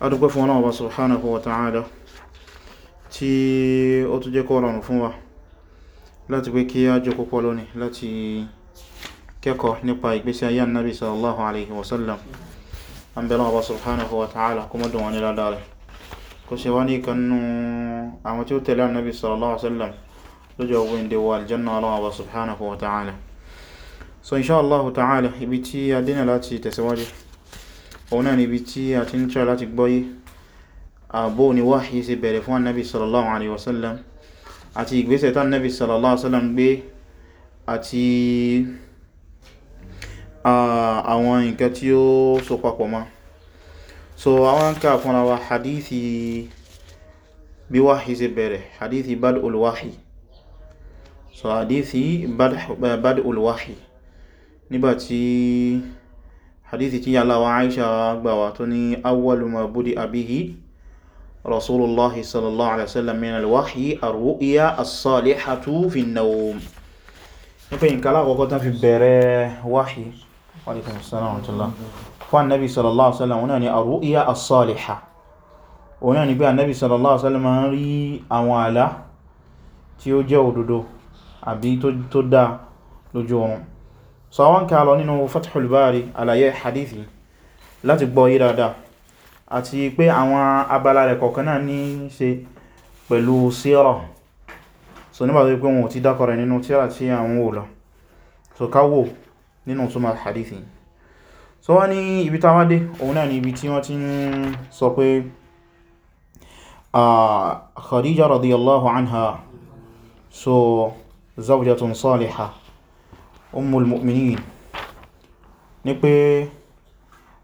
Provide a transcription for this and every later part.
adúgbẹ́ fún ọlọ́wọ́ subhanahu wa ta'ala tí ó tún jẹ́ kó rọrùn fún wa láti pé kí á jọ púpọ̀ lónìí láti kẹ́kọ̀ọ́ nípa ìgbésí ayé annabi sallallahu alaihi wasallam an bẹ̀rẹ̀ ọba subhanahu wa ta'ala kó mọ́dún wọn ni ládàrẹ̀ kó ṣe wá ní kanú àwọn tí ó tẹ̀lé annabi sallallahu alaihi wasallam lójọ ogun ìdè wa òun náà níbi tí a ti ń tọ́ láti gbọ́yé àbó ni wáhí ṣe bẹ̀rẹ̀ fún annabi sallallahu alaihi wasallam àti ìgbésẹ̀ tán annabi sallallahu alaihi wasallam gbé àti àwọn nǹkan tí ó so papọ̀ ma so àwọn ká fúnra wa hadithi bí wáhí ṣe bẹ̀rẹ̀ hadithi bad'ul wahyi so hadithi bad'ul wahyi nígbàtí hadithi tí yàlá wa aisha gbàwà tó ní awwalu ma budi abihi rasulullahi sallallahu alaihi wasallam min alwahyi arru'ya as-salihatu fi an-nawm nípa nǹkan alákọ̀ọ́kọ́ tán fi bẹ̀rẹ̀ wáhí fún annabi sallallahu alaihi wasallam wọn ni arru'ya as-saliha wọn ni bí annabi sallallahu alaihi wasallam ń rí àwọn àlá tí ó jẹ́ òdodo àbí tó dá lójú oorun so àwọn ká lọ nínú Fathul Bari àlàyé hadithi láti gbọ́ yí dáadáa àti pé àwọn abala rẹ̀ kọ̀ọ̀kan náà ní ṣe pẹ̀lú síra so nígbà tó pé wọn ò ti dákọrẹ̀ nínú tíra tí àwọn wò lọ so káwò nínú túnmà hadithi so wọ́n ní ibi táwádé òun náà ni ibi tí wọ́n ti ń sọ pé ah, Khadija radiyallahu anha so zawjatun salihah ummul المؤمنين ní pé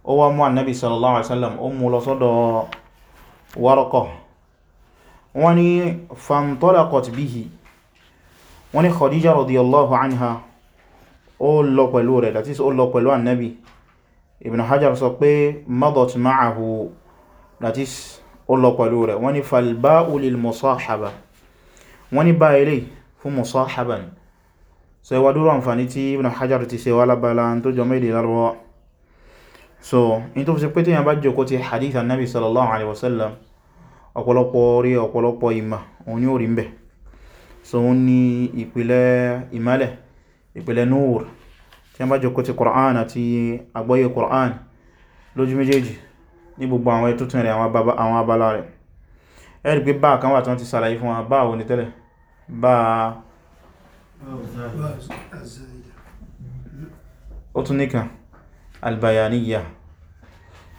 ó wá mú annabi sallallahu alaihi wasallam ó mú lọ sọ́dọ̀ Waraqah wọ́n ní fantalaqat bihi wọ́n ní Khadija radiyallahu anha ó lọ pẹ̀lú rẹ̀ that is ó lọ pẹ̀lú annabi Ibn Hajar sọ pé madat ma'ahu that is ó lọ pẹ̀lú rẹ̀ wọ́n ní falba'u lil musahaba wọ́n ní bá ilé fún so ẹwà dúró àǹfàní tí Ibn Hajar ti ṣe wà lábàlá tó jọ mẹ́lẹ̀ lárọ́ so in tó fi ṣe pé tíyàn bá jòkó ti hadith annabi sallallahu alaihi wasallam ọ̀pọ̀lọpọ̀ rí ọ̀pọ̀lọpọ̀ ìmà òun ni ó rí so òun ni ìpìlẹ̀ ìmálẹ̀ ìpìlẹ̀ núur tíyàn bá jòkó ti Qur'an àti àgbọ́yé Qur'an lójú méjèèjì ní gbogbo àwọn ẹtútù rẹ̀ àwọn abala rẹ̀ ẹ̀rí pé báà kan wà tí wọ́n ti sàlàyé fún wa báà wo ni tẹ́lẹ̀ báà ó tún nìkan albayaniya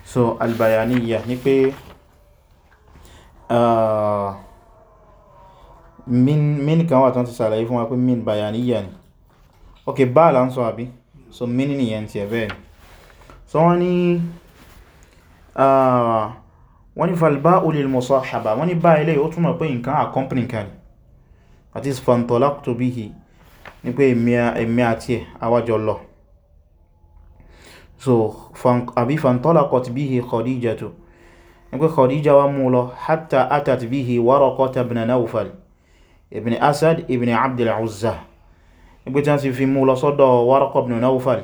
so albayaniya ni pé uh, min kan wà tán ti sàlàyé fún wa pé min bayaniya ni ok bá ń sọ àbí so min nìyẹn ti ẹ̀bẹ̀ so wọ́n ni uh, wọ́n ni falba ulil musahaba wọ́n ni bá ilé ó túnmọ̀ pé nǹkan accompany kan ni that ní pé èmi àti ẹ̀ awájọ lọ so àbí fantalaqat bihi khadijatu ní pé khadija wá mú lọ hatta atat bihi waraqata ibn nawfal ibn asad ibn abdul uzza ní pé tí wọ́n sì fi mú lọ sọ́dọ̀ waraqa ibn nawfal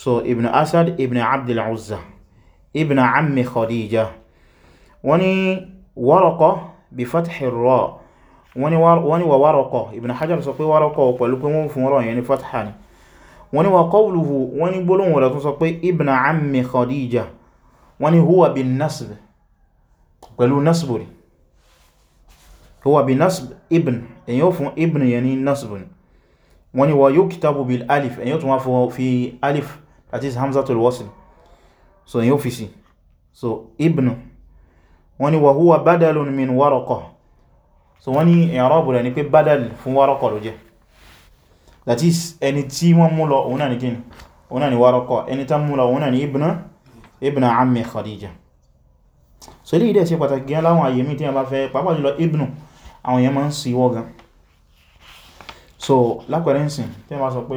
so ibn asad ibn abdul uzza ibn ammi khadija wọ́n ni waraqa bi fathir wọ́n ni wà Waraqa Ibn Hajar sọ pé Waraqa pẹ̀lú pé wọ́n fún ọ̀rọ̀ yẹn ní fatha ni wọ́n ni wà qawluhu wọ́n ni gbólóhùn rẹ̀ tún sọ pé ibn ammi Khadija wọ́n ni huwa bin nasb pẹ̀lú nasb rí huwa bin nasb ibn èyí ó fún ibn yẹn ní nasb ni wọ́n ni wà yuktabu bil alif èyí ó tún wá fi alif that is hamzatul wasl so èyí ó fi sí so ibn wọ́n ni wà huwa badalun min Waraqa so wọ́n ní i'rabu rẹ̀ ni pé badal fún Waraqa ló jẹ́ that is ẹni tí wọ́n mú lọ òun náà ni gini òun náà ni Waraqa ẹni tán mú lọ òun náà ni ibna ibna ammi Khadija so ilé ìdẹ́ sí pàtàkì gẹ́ láwọn àyè mí tí a bá fẹ́ pàápàá jùlọ ibnu àwọn èèyàn máa ń sí wọ́gan so lápẹẹrẹ tí a bá sọ pé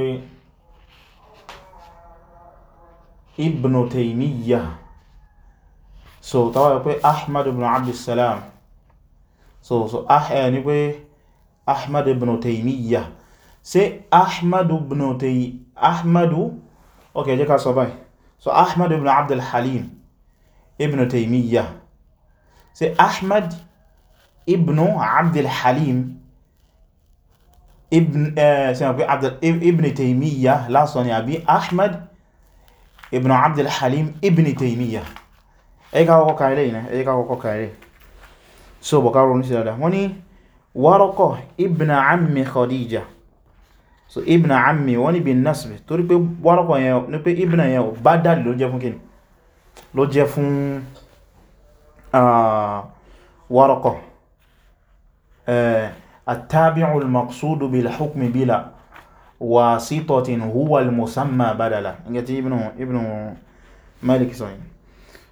ibnu Taymiyyah so tàwọn pé Ahmad ibn Abdussalam so so ah eh, ni pé ahmad ibn taymiyyah ṣé ahmad ibn tay ahmad ok jẹ́ ká sọ báyìí so ahmad ibn abd al-halim ibn taymiyyah ṣé ahmad ibn abd al-halim ibn eh ṣé pé abd ibn taymiyyah la sọ ní àbí ahmad ibn abd al ibn taymiyyah ẹ ká kọ́kọ́ ka ilé yìí so bọ̀kárò ní sídára wọ́n ni Waraqa ibna ammi Khadija so ibna ammi wọ́n ni bin nasbi torí pé Waraqa yẹn ní pé ibna yẹn ò bá dàlì ló jẹ́ fún kíni ló jẹ́ fún Waraqa التابع المقصود بالحكم بلا واسطة هو المسمى بدلا ابن ابن مالك صحيح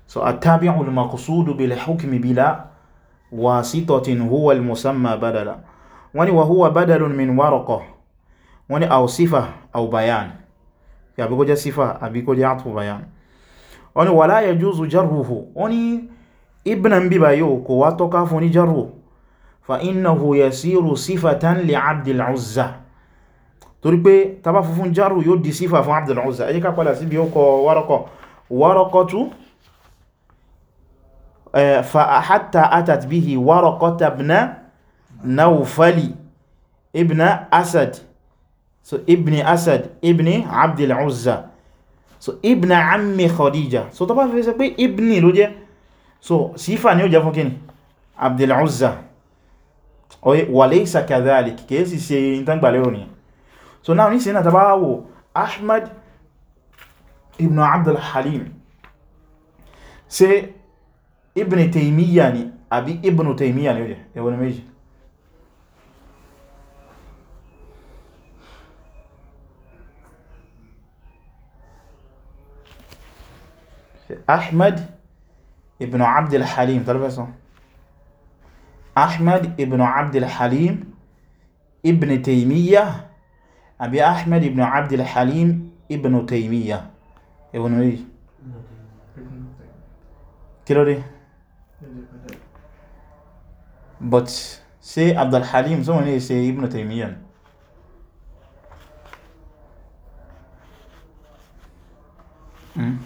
so التابع المقصود بالحكم بلا wasitatin huwa al-musamma badala wọ́n ní wa huwa badalun min waraqah wọ́n ní aw sifa aw bayan àbí kó jẹ́ sífà àbí kó jẹ́ àtù bayan wọ́n ní wala yajuzu jarruhu wọ́n ní ibnan bíbá yóò kò wá tọ́ka fún ní jarruhu fa innahu yasiru sífàtán li Abdil Uzza torí pé tàbá fún jarruhu yóò di sífà fún Abdil Uzza ẹ jẹ́ ká padà síbi ó kọ Waraqah Waraqatu hatta atat bihi waraqata ibn naufali ibn asad so ibn asad ibn abdul uzza so ibn ammi khadija so tó bá fi sọ pé ibn ló jẹ́ so sífà ni ó jẹ́ fún kíni abdul uzza oye wa laysa kadhalik kìí sì ṣe ìtàngbà ni so now ní sinna tàbá wò ahmad ibn abdul ibn taymiya ni àbí ibn taymiya ni ó jẹ́ méjì ahmad ibn abd al halim tàbí ahmad ibn abd al halim ibn taymiya àbí ahmad ibn abd al halim ibn taymiya ẹwọ́n méjì kí but say ṣe Halim sọ́wọ́n lè say ibn taymiyyah hmm.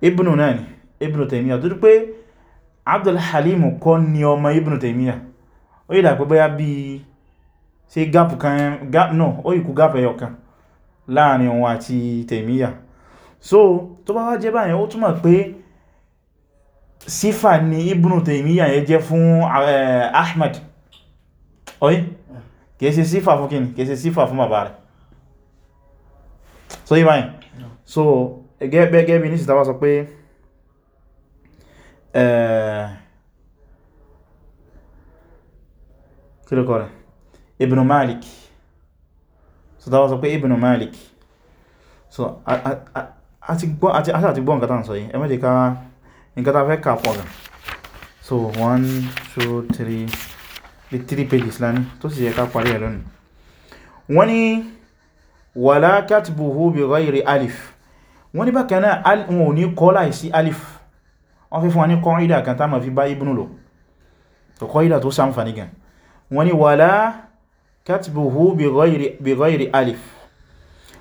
ibn náà ni ibn taymiyyah tó pé Halim kọ́ ni ọmọ ibn taymiyyah ó yìí dàpẹ́ bóyá bí ṣe gap kan náà ó yìí kú gáàpù ẹyọ kan láàrin òun àti taymiyyah so to tó bá wá jẹ́ báyẹn ó túmọ̀ pé sífà ni ibnu taymiyyah yẹ jẹ́ fún eh, ahmad oye kìí sífà fún kíni kìí sífà fún bàbá rẹ̀ so yíba so gẹ́gẹ́ bí ní sọ pé eh, kílùkọ́ rẹ̀ ibnu malik sítawà sọ pé ibnu malik so a ti gbọ́ nǹkan sọ yìí ẹ má nǹkan tá a fẹ́ kà so one two three bí three pages lani tó sì yẹ ká parí ẹ̀ lónìí wọ́n ní wàlá katbuhu bi ghayri alif wọ́n ba bákan náà wọn ò ní kọ́ alif wọ́n fi fún wa ní kọ́ídà kan tá ma fi bá ibùn lò tó kọ́ídà tó sáǹfàní gan wọ́n ní wàlá katbuhu bi ghayri alif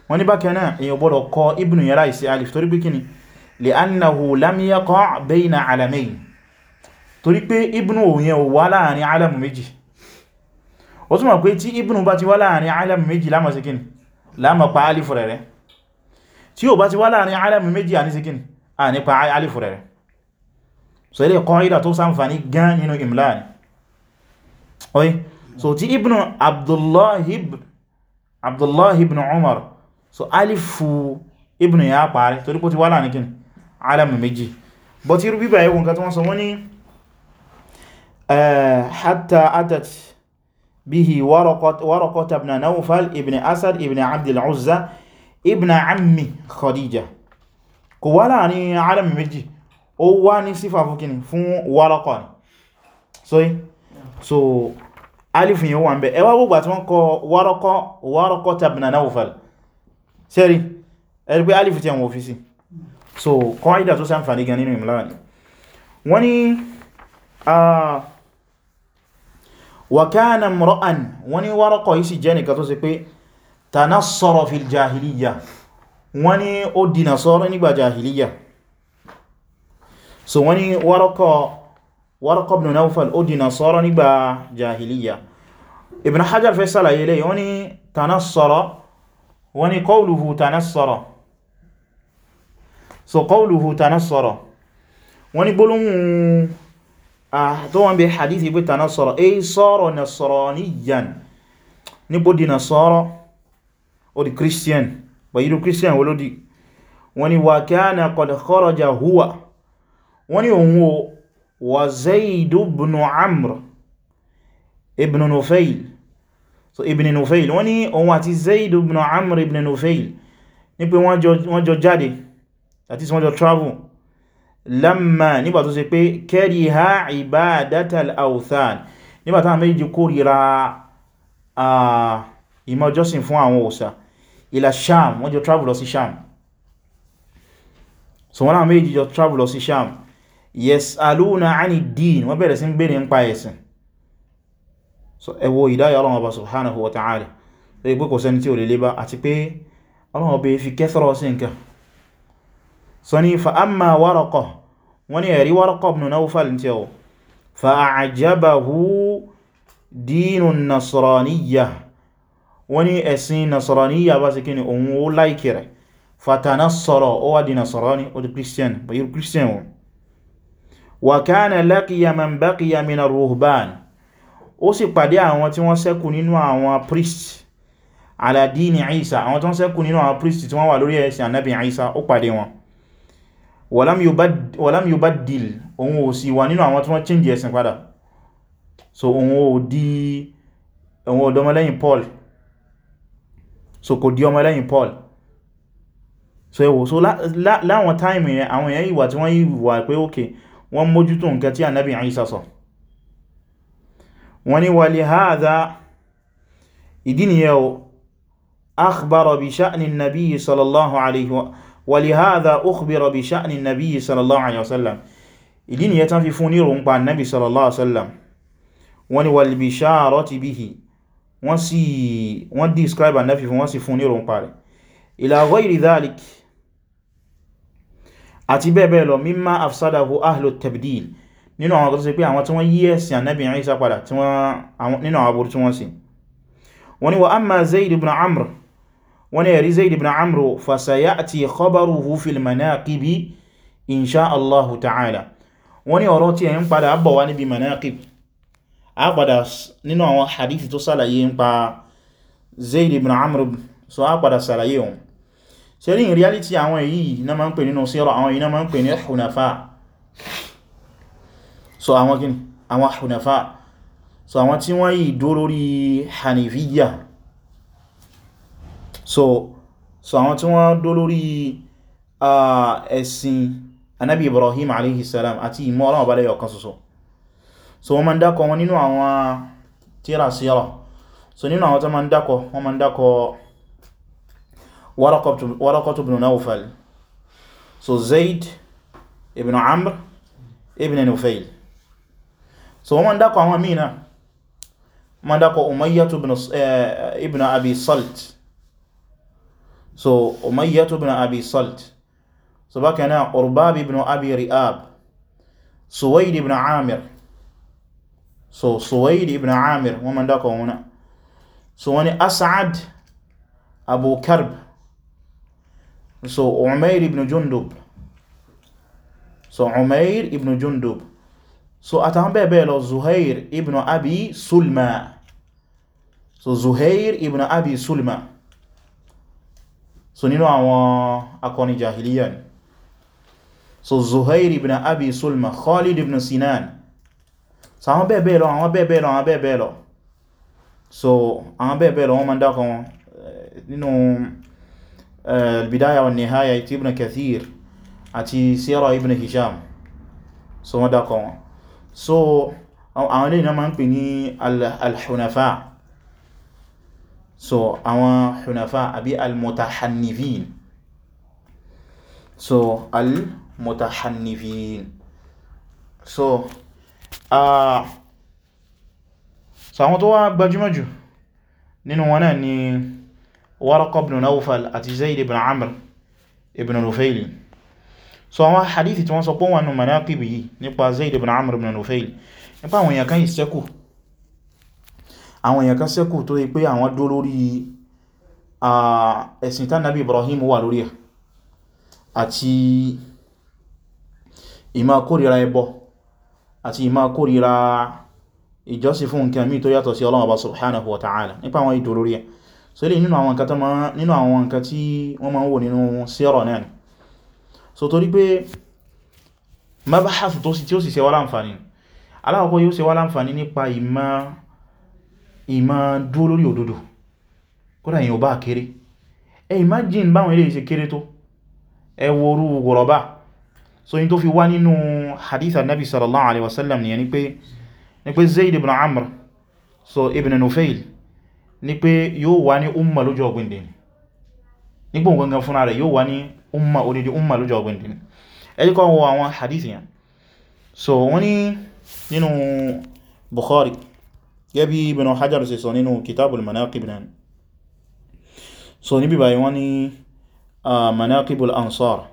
wọ́n ba bákan náà èyàn gbọ́dọ̀ kọ ibùn yẹn láìsí alif torí bí kíni li'annahu lam yaqa' bayna alamayn torí pé ibnu òyìn ò wá láàrin alamu méjì ó túnmọ̀ pé tí ibnu bá ti wá láàrin alamu méjì lámọ̀ sí kíni lámọ̀ pa alifu rẹ̀ rẹ̀ tí ó bá ti wá láàrin alamu méjì àní sí kíni à nípa alifu rẹ̀ rẹ̀ so ilé qaida tó sáǹfàní gan nínú imla ni oye ibn ya parí torí pé ti wá láàrin kíni alamu méjì bọ́ ti rú bíbà ẹwọ nǹkan tí wọ́n sọ wọ́n ní hatta atat bihi waraqata ibn naufal ibn asad ibn abdul uzza ibn ammi khadija kò wá láàrin alamu méjì ó wá ní sífà fúkini fún waraqa ni so so alifin yóò wà ń bẹ ẹwà gbogbo àti wọ́n kọ waraqata ibn naufal sẹ́rí ẹ̀rí pé alifu tí àwọn òfin sí so kọ́ídà tó ṣàǹfààní gan nínú ìmúlára ni wọ́n ni wa kana imra'an wọ́n ni Warqa yìí sì jẹ́ tó sì pé tanassara fil jahiliya wọ́n ni ó dínà sọ́rọ̀ nígbà jahiliya so wọ́n ni Warqa ibn Nawfal ó dínà sọ́rọ̀ nígbà jahiliya Ibn Hajar fẹ́ sàlàyé lẹ́yìn wọ́n ni tanassara wọ́n so qawluhu tanassara wọ́n ní gbólóhùn tó wọ́n bí hadithi pé tanassara èyí sọ́rọ̀ nasraniyan níbo di nasọ́rọ̀ ó di christian bàyíró christian wọ́n ló di wọ́n ní wa kana qad kharaja huwa wọ́n ní o wa zaidu ibn amr ibn nufail so ibn nufail wọ́n ní òun àti ibn amr ibn nufail ní pé wọ́n jọ jáde àti sọ́jọ́ travel lamma nígbà tó ṣe pé kariha ibadatal awthan nígbà táwọn méjì kórìíra ìmọ̀jọ́sìn fún àwọn òòṣà ila sham wọ́n jọ travel lọ sí sham so wọ́n náà méjì jọ travel lọ sí sham yas'aluna 'ani d-din wọ́n bẹ̀rẹ̀ sí ń bèèrè ń pa ẹ̀sìn so ẹwọ ìdáyà ọlọ́run ọba subhanahu wa ta'ala so ìgbé kò sẹ́ni tí ò lè lébá àti pé ọlọ́run fi kẹ́sọ́rọ̀ sí nǹkan so ni fa'amma Waraqa wani ẹ̀rí Waraqa ibn Nawfal tí ọ fa'ajabahu dinun nasraniyya wani ẹ̀sìn nasraniyya bá sí kí ni òun ó láìkì rẹ̀ fatanassara ó wá di nasrani ó di christian bayi christian wọn wa kana laqiya man baqiya min ar-ruhban ó sì pàdé àwọn tí wọ́n ṣẹ́kù nínú àwọn priest ala Isa àwọn tí wọ́n ṣẹ́kù nínú àwọn priest tí wọ́n wà lórí ẹ̀sìn Ànábì Isa ó pàdé wọn walam yubaddil òun ò sì wà nínú àwọn tí wọ́n change ẹ̀sìn padà so òun ò di òun ò Paul so kò di ọmọlẹ́yìn Paul so ẹwọ so láwọn táìmì yẹn àwọn èèyàn ìwà tí wọ́n ìwà pé ókè wọ́n mójútó nǹkan tí ànábì Ìsá sọ wọ́n ni wà lè haza ìdí nìyẹn o akhbara bi sha'ni nabi sallallahu alaihi wa ولهذا أخبر بشأن النبي صلى الله عليه وسلم ìdí nìyẹn tán fi fún ní ròǹpa nabi sallallahu alaihi wasallam wọ́n ní walbisharati bihi wọ́n sì wọ́n describe annabi fún wọ́n sì fún ní ròǹpa rẹ̀ ila ghayri dhalik àti bẹ́ẹ̀bẹ́ẹ̀ lọ mimma afsadahu ahlu tabdil nínú àwọn akọ́tọ́ sí pé àwọn tí wọ́n yí ẹ̀sìn annabi Isa padà nínú àwọn aburú tí wọ́n sì wọ́n ní wa amma Zaid ibn Amr wọ́n ní ẹ̀rí zaid ibn amru fasayati khabaruhu fil manaqibi insha allahu ta'ala wọ́n ní ọ̀rọ̀ tí ẹ̀yìn padà bọ̀ wá níbi manaqib a padà nínú àwọn hadithi tó sàlàyé ń pa zaid ibn amru so a padà sàlàyé wọn ṣe rí in reality àwọn èyí na ma ń pè nínú síra àwọn èyí na ma ń pè ní hunafa so àwọn kí àwọn hunafa so àwọn tí wọ́n yìí dó hanifiyya so so àwọn tí wọ́n dó lórí ẹ̀sìn anábi ibrahim aleyhisselam àti ìmọ̀ ọlọ́wọ̀ bá lẹ́yọ̀ kan ṣoṣo so wọ́n ma ń dákọ wọn nínú àwọn tíra síra so nínú àwọn tó ma ń dákọ wọ́n ma ń dákọ warakọtù ibn naufal so zaid ibn amr ibn nufail so wọ́n ma ń dákọ àwọn míì náà ma ń dákọ umayyatu eh, ibn abi salt so umayyatu ibn abi salt so baka na urbab ibn abi ri'ab suwaid ibn amir so suwaid ibn amir wa man dákọ̀ wọn so wani as'ad abu karb so umayr ibn jundub so umayr ibn jundub so atan be be lọ zuhair ibn abi sulma so zuhair ibn abi sulma so nínú àwọn akọni jahiliya ni so zuhair ibn abi sulma khalid ibn sinan so àwọn bẹ́ẹ̀ bẹ́ẹ̀ lọ àwọn bẹ́ẹ̀ bẹ́ẹ̀ lọ àwọn bẹ́ẹ̀ bẹ́ẹ̀ lọ so àwọn bẹ́ẹ̀ bẹ́ẹ̀ lọ wọ́n ma ń dákan wọn eh, nínú eh, albidaya wa nihaya ti ibn kathir àti sira ibn hisham so wọ́n dákan wọn so àwọn ilé ìná ma ń pè ní alhunafa al so àwọn hunafa àbí al-mutahannifin so al-mutahannifin so uh, so àwọn tó wá gbajúmọ̀jù nínú wọn náà ni Waraqa ibn Nawfal àti Zayd ibn Amr ibn Nufayl so àwọn hadithi tí wọ́n sọ pé wọn nù manaqibi yìí nípa Zayd ibn Amr ibn Nufayl nípa àwọn èèyàn ìsẹ́kù àwọn èèyàn kan sẹ́kù tó yí pé àwọn dó lórí ẹ̀sìn tí Ànábì Ibrahim wà lórí ẹ̀ àti ìmá kórìíra ẹbọ àti ìmá kórìíra ìjọsí fún nǹkan mí tó yàtọ̀ sí Ọlọ́run Ọba subhanahu wa ta'ala nípa àwọn ìdó lórí ẹ̀ so ilé nínú àwọn nǹkan tí wọ́n ma ń wò nínú sírọ̀ náà ni so torí pé mabahas tó sì tí ó sì ṣe wá láǹfààní aláwọ̀kọ́ yóò ṣe wá láǹfààní nípa ìmá ìmá dúró lórí òdodo kódà èyàn bá kéré ẹ imagine báwọn eléyìí ṣe kéré tó ẹ wo orú ghuraba so in tó fi wá nínú hadith annabi sallallahu alaihi wasallam nìyẹn ni pé ni pé zaid ibn amr so ibn nufail ni pé yóò wá ní umma lójú ọgbìndì ni nígbò gangan fúnra rẹ̀ yóò wá ní umma odidi umma lójú ọgbìndì ni ẹjíkọ́ wọ àwọn hadith yẹn so wọ́n ní nínú bukhari يبي بنو حجر سي سونينو كتاب المناقب نان سوني بي بايواني آه، مناقب الأنصار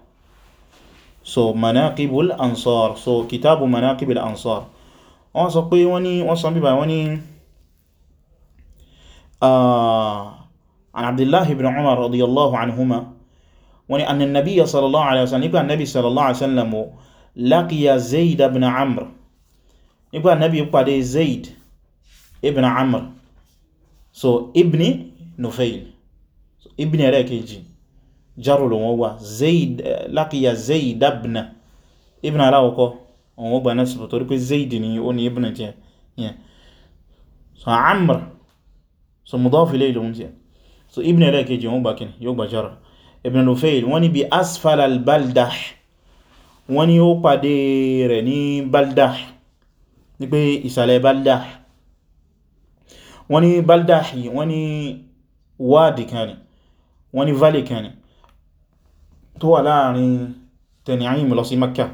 سو مناقب الأنصار سو كتاب مناقب الأنصار وصقي واني وصن بي بايواني آه، عن عبد الله بن عمر رضي الله عنهما واني أن النبي صلى الله عليه وسلم يبقى النبي صلى الله عليه وسلم لقي زيد بن عمر يبقى النبي يبقى زيد زيد ibn amr so ibn nufail so ibn ẹlẹ́kejì jarru ló wọ́n wà zaid eh, laqiya zaid abna ibn aláwọ̀kọ́ òun ó gbà náà sọ̀tọ̀ torí pé zaid ni ó ní ibn jẹ́ yẹn so amr so mudaf ilayhi lòun jẹ́ so ibn ẹlẹ́kejì òun gbà kíni yóò gbà jarru ibn nufail wọ́n ní bí asfal al-baldah wọ́n ní ó pàdé rẹ̀ baldah ní pé ìsàlẹ̀ baldah wọ́n ní baldahi wọ́n ní wadi kan ni wọ́n ní valley kan ni tó wà láàrin Tan'im lọ sí Makka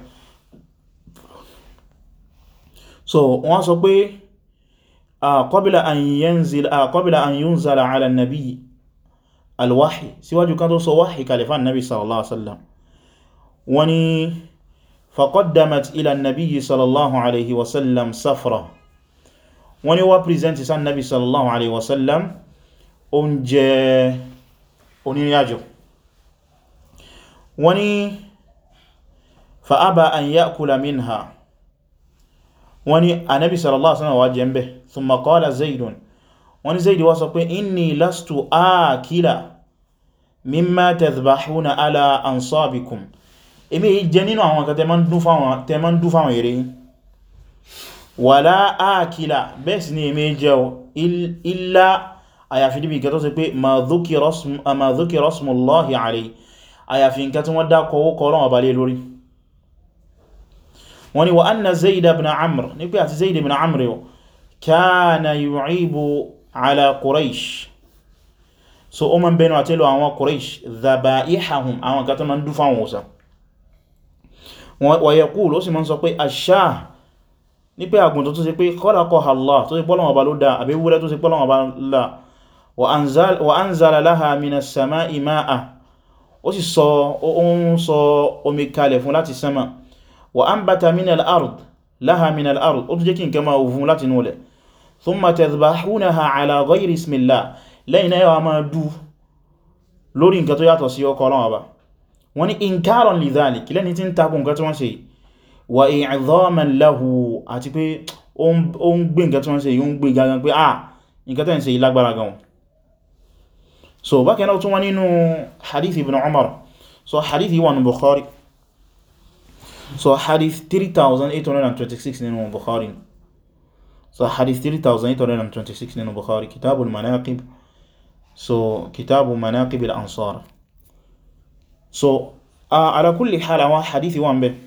so wọ́n sọ pé qabla an yanzil qabla an yunzala ala nabiy alwahi síwájú kan tó sọ wáhì kalifan nabi sallallahu alaihi wasallam wọ́n ní faqaddamat ila nabiy sallallahu alaihi wasallam safra wọ́n ni wá present sí annabi sallallahu alaihi wasallam oúnjẹ onírìnàjò wọ́n ni fa'aba an ya'kula minha wọ́n ni annabi sallallahu alaihi wasallam wá jẹ ń bẹ̀ thumma qala zaidun wọ́n ni zaidi wá sọ pé inni lastu akila mimma tadhbahuna ala ansabikum èmi yìí jẹ nínú àwọn kan tẹ́ wàlá ákìlá bẹ́ẹ̀ sí ní èmé jẹun ilá àyàfi níbi ìkẹtọ́ sí pé ma dhukira ismullahi alayhi àyàfi nǹkan tí wọ́n dákọ̀ ó kọ́ lọ́wọ́ balẹ̀ lórí wọ́n ni wa anna zaid ibn amr ní pé àti zaid ibn amr yóò kana yu'ibu ala quraish so o ma bẹnu àtẹ́lọ àwọn quraish dhabaihahum àwọn nǹkan tó dúfà wọn wọ́sàn wa yaqulu ó sì ma sọ pé ash-shah ní pé àgùntàn tó ṣe pé khalaqaha Allah tó ṣe pọ́lọ̀wọ̀ bá ló dá àbí wúrẹ́ tó ṣe pọ́lọ̀wọ̀ bá lá wa anzala laha minas sama'i ma'a ó sì sọ ohun sọ omi kalẹ̀ fún láti sánmà wa anbata minal ard laha minal ard ó tún jẹ́ kí n kẹma òfun láti nulẹ̀ thumma tadhbahunaha ala ghayri ismillah lẹ́yìn náà yàwó máa wà i'dhaman lahu àti pé ó ń gbé nǹkan tí wọ́n ṣe yíó ń gbé gagan pé ah nǹkan tẹ́ ń ṣe ilágbára gan so bákan náà tún wá nínú hadith ibn umar so hadith yíwa ní bukhari so hadith 3826 nínú bukhari so hadith 3826 nínú bukhari kitabul manaqib so kitabu manaqib al-ansar so ala kulli hala wa hadith wa ń bẹ́ẹ̀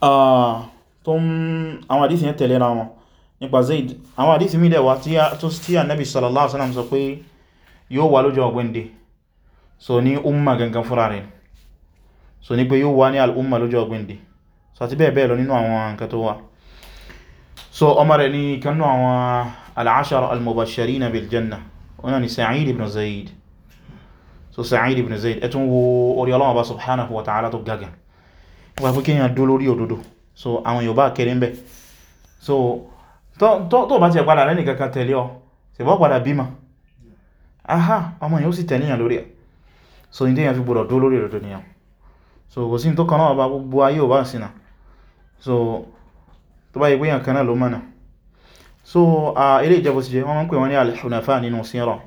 tó ń àwọn àdísì yẹn tẹ̀lé ra wọn nípa Zaid àwọn àdísì mílẹ̀ wá tí Ànábì sallallahu alaihi wasallam sọ pé yóò wà lọ́jọ́ ọgbẹ́ndẹ̀ so ní umma gangan fúnra rẹ̀ so ní pé yóò wà ní al'umma lọ́jọ́ ọgbẹ́ndẹ̀ so àti bẹ́ẹ̀ bẹ́ẹ̀ lọ nínú àwọn nǹkan tó wà so ọmọ rẹ̀ ní kanú àwọn al'ashara al-mubashirina bil janna ọ̀nà ni Sa'id ibn Zaid so Sa'id ibn Zaid ẹtún wo orí Ọlọ́run Ọba subhanahu wa ta'ala tó gagan wà fún kíyàn dó lórí òdodo so àwọn Yorùbá kéré ń bẹ so tó bá ti ẹ̀ padà lẹ́nì kankan tẹ̀lé ọ sì bọ́ padà bímọ aha ọmọ yóò sì tẹ̀lé yàn lórí ẹ̀ so ní tẹ́yàn fi gbọdọ̀ dó lórí òdodo nìyàn so kò sí tó kan náà bá gbogbo ayé ò bá sínà so tó bá yẹ pé yàn kan náà ló so a ilé ìjẹ́bọ̀síjẹ́ wọ́n mọ́ pè wọ́n ní al-hunafa nínú síràn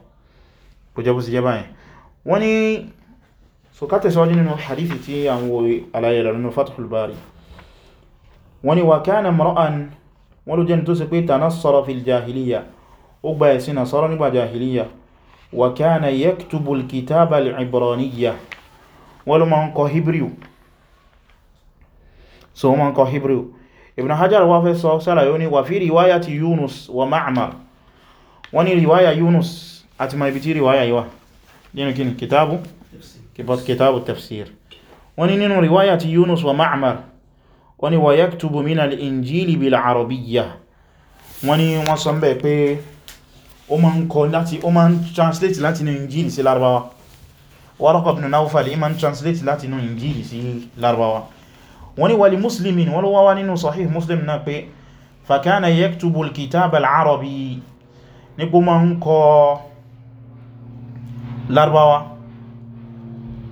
so ká tẹ̀síwájú nínú hadithi tí a ń wo alayẹ̀rẹ̀ nínú Fathul Bari wọ́n ni wà kana mar'an wọ́n ló jẹ́ tó sì pé tanassara fil jahiliya ó gba ẹ̀sìn nasara nígbà jahiliya wà kana yaktubul kitaba al-ibraniyya wọ́n ló máa ń kọ hebrew so wọ́n kọ hebrew ibn hajar wá fẹ́ sọ sára yóò wà fi riwaya ti yunus wa ma'amar wọ́n ni riwaya yunus àti ma riwaya yíwa nínú kitabu kitabu tafsir wọ́n ní nínú riwaya ti yunus wa ma'mar wọ́n ní wa yaktubu min al-injili bil arabiyya wọ́n ní wọ́n sọ mbẹ̀ pé ó ma ń kọ láti ó ma ń translate láti inú injili sí larabawa Waraqa ibn Nawfal ima ń translate láti injili sí larabawa wọ́n wali muslimin wọ́n ló wá sahih muslim náà pé fakana yaktubu al-kitab al-arabi ní kó ma kọ larabawa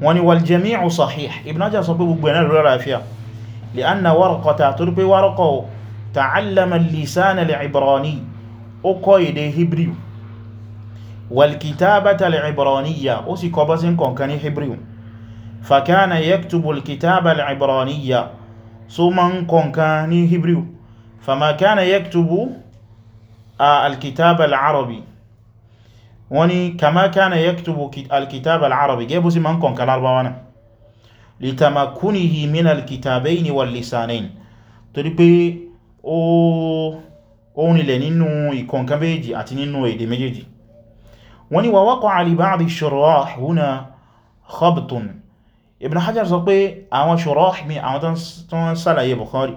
wọ́n ni waljami'u sahih ibn ajá sọ pé gbogbo ẹ̀nà lórí àfíà lè an na wárọ̀kọ̀ ta tó rí wárọ̀kọ̀ ta'allama lisana al-ibrani ó kọ́ èdè hebrew walkitabata al-ibraniyya ó sì kọ bá sí kọ̀nkan ní hebrew fakana yaktubu alkitaba al-ibraniyya so ma ń kọ̀nkan ní hebrew fama kana yaktubu alkitaba al-arabi wọ́n ní kama kana yaktubu alkitab al'arabi gẹ́bù sí ma ń kọ̀nkà lárúbáwá náà litamakunihi min alkitabaini wal lisanain torí pé ó nílẹ̀ nínú ìkọ̀nkà méjì àti nínú èdè méjèèjì wọ́n ní wa waqa'a li ba'di shurrah huna khabtun ibn hajar sọ pé àwọn shurrah mi àwọn tó ń bukhari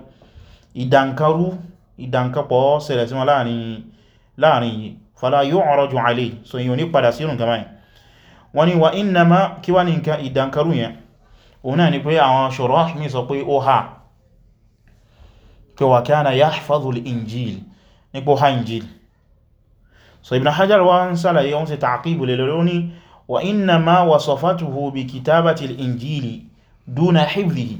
ìdànkarú ìdànkapọ̀ ṣẹlẹ̀ sí wọn láàrin yìí fala yu'raju alayhi so yíò ní padà sírùn kama yìí wọ́n ni wa innama kí wá ní ìdánkarú yẹn òun náà ni pé àwọn shurah mi sọ pé ó ha pé wa kana yahfazu injil nípo ha injil so ibn hajar wa ń sálàyé wọ́n sì ta'qibu lè lórí ní wa innama wasafatuhu bi kitabati al-injili duna hifdhihi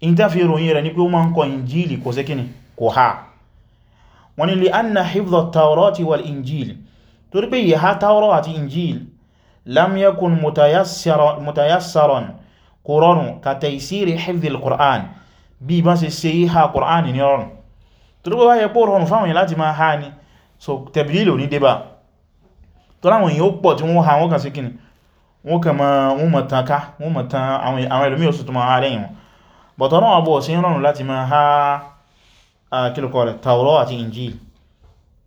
in ta ròyìn rẹ̀ ní pé ó ma ń kọ injili kò sí kíni kò ha wọ́n ní li'anna hifdha at-taurati wal-injil torí pé ìhá taurọ́ àti injil lam yakun mutayassaran kò rọrùn ka taysiri hifdhi al-qur'an bí bá ṣe ṣe ìhá qur'an ní rọrùn torí pé báyẹ pọ̀ rọrùn fáwọn láti máa ha ni so tẹ̀bílì ní débà tó láwọn èèyàn pọ̀ tí wọ́n ha wọ́n kàn sí kìnnì wọ́n kàn máa wọ́n mọ̀ tán ká wọ́n mọ̀ tán àwọn ẹlòmí ò tó máa ha lẹ́yìn wọn bọ̀tọ̀ náà bọ̀ sí rọrùn láti máa ha kílùkọ́ rẹ̀ Tawrah àti Injil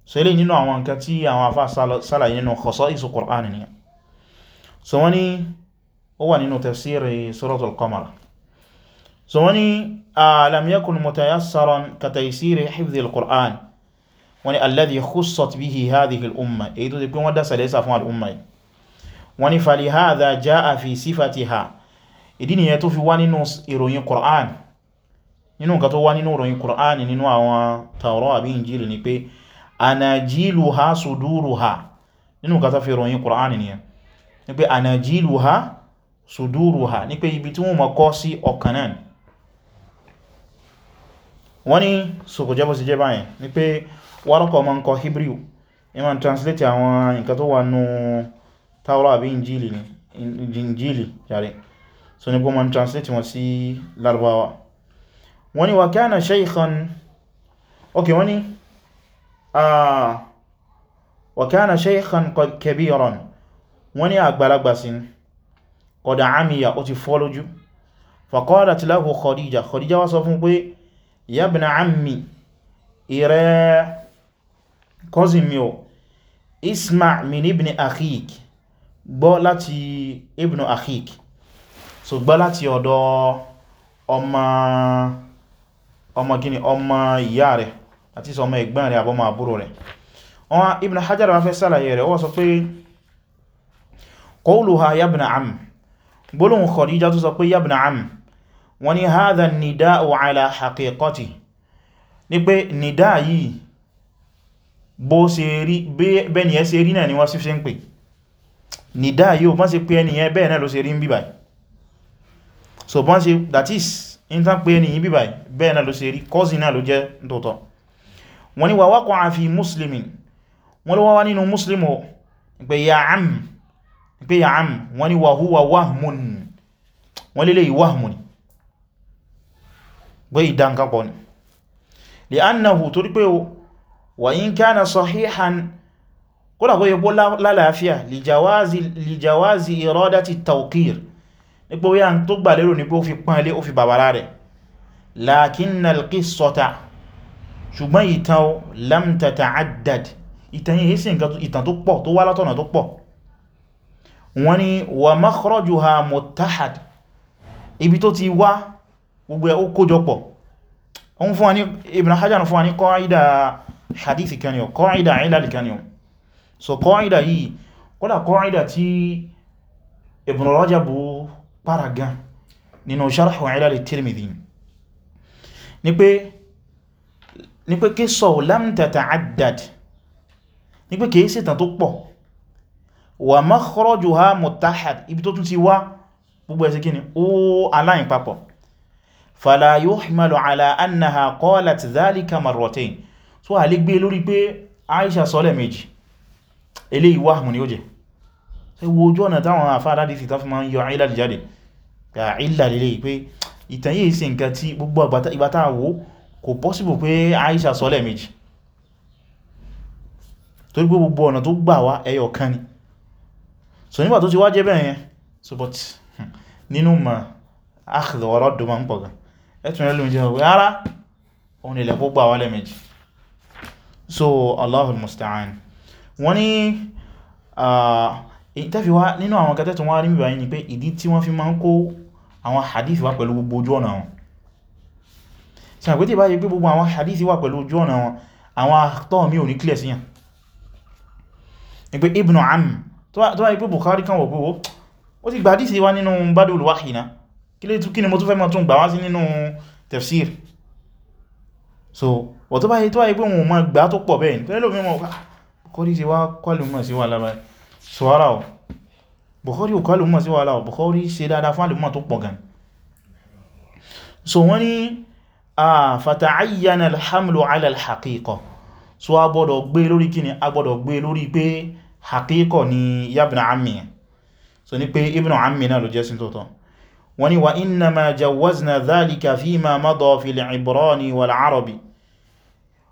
so ilé nínú àwọn nǹkan tí àwọn afá sálàyé nínú khasa'isu Qur'an ni so wọ́n ni ó wà nínú tafsir Suratul Qamar so wọ́n ni lam yakun mutayassaran ka taysiri hifdhil Qur'an wọ́n ni alladhi khussat bihi hadhihi al-umma èyí tó ti pín wọ́n dá sàlẹ́sà fún al-umma yìí wọ́n ni jaa fi sifatiha ìdí nìyẹn tó fi wá nínú ìròyìn Qur'an nínú nǹkan tó wá nínú ìròyìn Kùránì nínú àwọn Tawrah àbí Injili ni pé anajiluha suduruha nínú nǹkan tó fi ìròyìn Kùránì nìyẹn ni pé anajiluha suduruha ni pé ibi tí wọ́n mọ̀ kọ́ sí ọkàn náà wọ́n ní sokòjẹ́bọ̀ sí jẹ́ báyẹn ni pé wárọ́kọ̀ ma ń Hebrew ima translate àwọn nǹkan tó wà nú Tawrah àbí Injili ni Injili jàre so ni bó ma ń translate wọn sí Lárúbáwá wọ́n ni wà kana shaykhan ok wọ́n ni wà kana shaykhan qad kabiran wọ́n ni àgbàlagbà sí qad amiya ó ti fọ́ lójú faqalat lahu Khadija Khadija wá sọ fún pé ya ibna ammi ìrẹ́ cousin isma' min ibn akhik gbọ́ láti ibn akhik so gbọ́ láti ọ̀dọ̀ ọmọ ọmọ gini ọmọ ìyá rẹ̀ àti sọ ọmọ ẹ̀gbọ́n rẹ̀ àbọ́mọ àbúrò rẹ̀ wọn Ibn Hajar wá fẹ́ sálàyé rẹ̀ wọ́n sọ pé qawluha yabna am gbólóhùn Khadija tó sọ pé yabna am wọ́n ni hadha nida'u ala haqiqati ní pé nìdá yìí bó ṣe rí bẹ́ẹ̀ nìyẹn ṣe rí náà ni wọ́n sí in ta pe ni ibi bai bẹ́ẹ̀ náà ló ṣe rí cousin náà ló jẹ́ tótọ́ wọ́n ní wà waqa'a fi muslimin wọ́n ló wá nínú muslim o pé ya am pé ya am wọ́n ní wa huwa gbé ìdánkapọ̀ ni li'annahu torí pé o wa in kana kó yẹ jawazi iradati tawqir nípa wíyà tó gbà lérò ní pé ó fi pán ilé ó fi bàbára rẹ̀ lakinna al-qissata ṣùgbọ́n ìtàn o lam tata'addad ìtàn yìí sí nǹkan ìtàn tó pọ̀ tó wá látọ̀nà tó pọ̀ wọ́n ni wa makhrajuha muttahad ibi tó ti wá gbogbo ẹ̀ ó kójọpọ̀ wọ́n fún wa ní paragan nínú sharhu ilal tirmidhi ni pé ni pé kí sọ lam tata'addad ni pé kìí sìtàn tó pọ̀ wa makhrajuha muttahad ibi tó tún ti wá gbogbo ẹ̀sẹ̀ kíni ó aláìn papọ̀ fala yuhmalu ala annaha qalat dhalika marratayn so a lè gbé e lórí pé Aisha sọ́lẹ̀ méjì eléyìí wahmu ni ó jẹ́ wo ojú ọ̀nà táwọn àfáà ládìí ti tán fi ma ń ilal jáde ìlà lè pé ìtàn yìí nǹkan tí gbogbo ìgbàtà àwò kò pọ́síbò pé Aisha sọ lẹ́ẹ̀mejì tó gbé gbogbo ọ̀nà tó gbà wá ẹyọ kan ni so nígbà tó ti wá jẹ́ bẹ́ẹ̀ hmm, nínú ma akhdhu ma ń pọ̀ gan jẹ́ ah, ìdí tí wọ́n fi máa ń kó àwọn hadith wà pẹ̀lú gbogbo ojú ọ̀nà wọn ṣe àgbé tí bá yẹ pé gbogbo àwọn hadith wà pẹ̀lú ojú ọ̀nà wọn àwọn àtọ́ mi ò ní clear síyàn ni pé ibn am tó wá yẹ pé Bukhari kan wọ̀ gbogbo ó ti gbà dísì wá nínú Badul Wahyi kí lè kí ni mo tún fẹ́ mọ́ tún gbà wá sí nínú tafsir so wọ́n tó bá yẹ tó wá yẹ pé wọn mọ́ gbà tó pọ̀ bẹ́ẹ̀ ni pẹ́lú mi mọ́ ah, Bukhari ti wá kwalùmọ̀ sí wà lábáyé so Bukhari ò kọ́ alùmọ̀ sí wàhálà ọ̀ Bukhari ṣe dáadáa fún alùmọ̀ tó pọ̀ gan so wọ́n ni a fata'ayyana alhamlu ala so a gbọ́dọ̀ gbé lórí kíni a gbọ́dọ̀ gbé lórí pé haqiqa ni yabna ammi so ni pé ibn ammi náà ló jẹ́ sin tótọ́ wọ́n ni wa inna ma jawazna dhalika fima madha fil ibrani wal arabi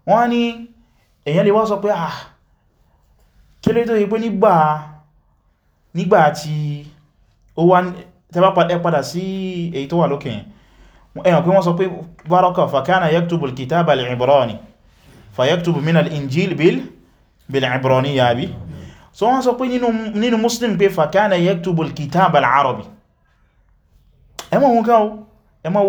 wọ́n ni èyàn lè wá sọ pé ah kí lè tó yí pé nígbàá nígbà tí ó wá tẹbá padà sí èyí tó wà lókè yẹn ẹ̀yàn pé wọ́n sọ pé baraka fakana yaktubu alkitab al-ibrani fayaktubu min al-injil bil bil ibrani ya bi so wọ́n sọ pé nínú muslim pé fakana yaktubu alkitab al-arabi ẹmọ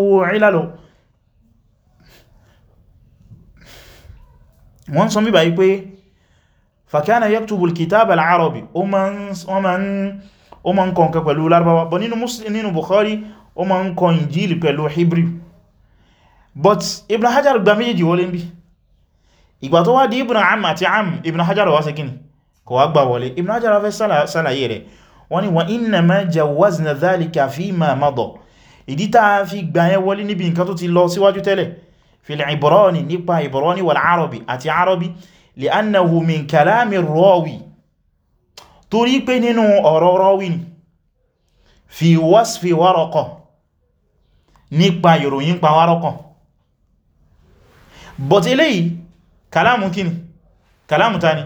fàkánà yaktubu al-kitab al-arabi o ma ń kọ nǹkan pẹ̀lú larabawa bọ̀ nínú muslim nínú bukhari o ma ń kọ injili pẹ̀lú hebrew but ibn hajar gba méjì wọlé ń bí ìgbà tó wá di ibn am àti am ibn hajar wá sí kíni kò wá gbà wọlé ibn hajar wá fẹ́ sálàyé rẹ̀ wọ́n ni wa innama jawazna dhalika fima mada ìdí tá fi gbà yẹn li'annahu min kalami rawi torí pé nínú ọ̀rọ̀ rawi ni fi wasfi Waraqa nípa ìròyìn pa Waraqa but eléyìí kalamu kíni kalamu tani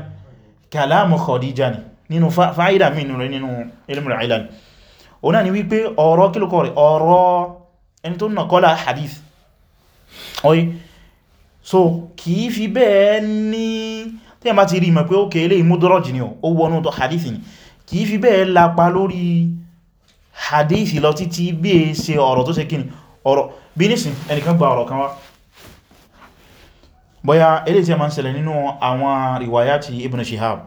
kalamu Khadija ni nínú fa'ida mi nínú nínú ilmul ilal o náà ni wípé ọ̀rọ̀ kílùkọ̀ rẹ̀ ọ̀rọ̀ ẹni tó nà kọ́lá hadith so kìí fi bẹ́ẹ̀ ní tí a bá ti rí mọ̀ pé ó kèèlé ìmúdọ́rọ̀jì ni ó wọnú tó hadithi ni kìí fi bẹ́ẹ̀ lápa lórí hadithi lọ títí bí i ṣe ọ̀rọ̀ tó ṣe kí ni ọ̀rọ̀ bí nísìn ẹnìkan gba ọ̀rọ̀ kan wá bóyá eré tí a máa ń ṣẹlẹ̀ nínú àwọn riwaya ti ibn shihab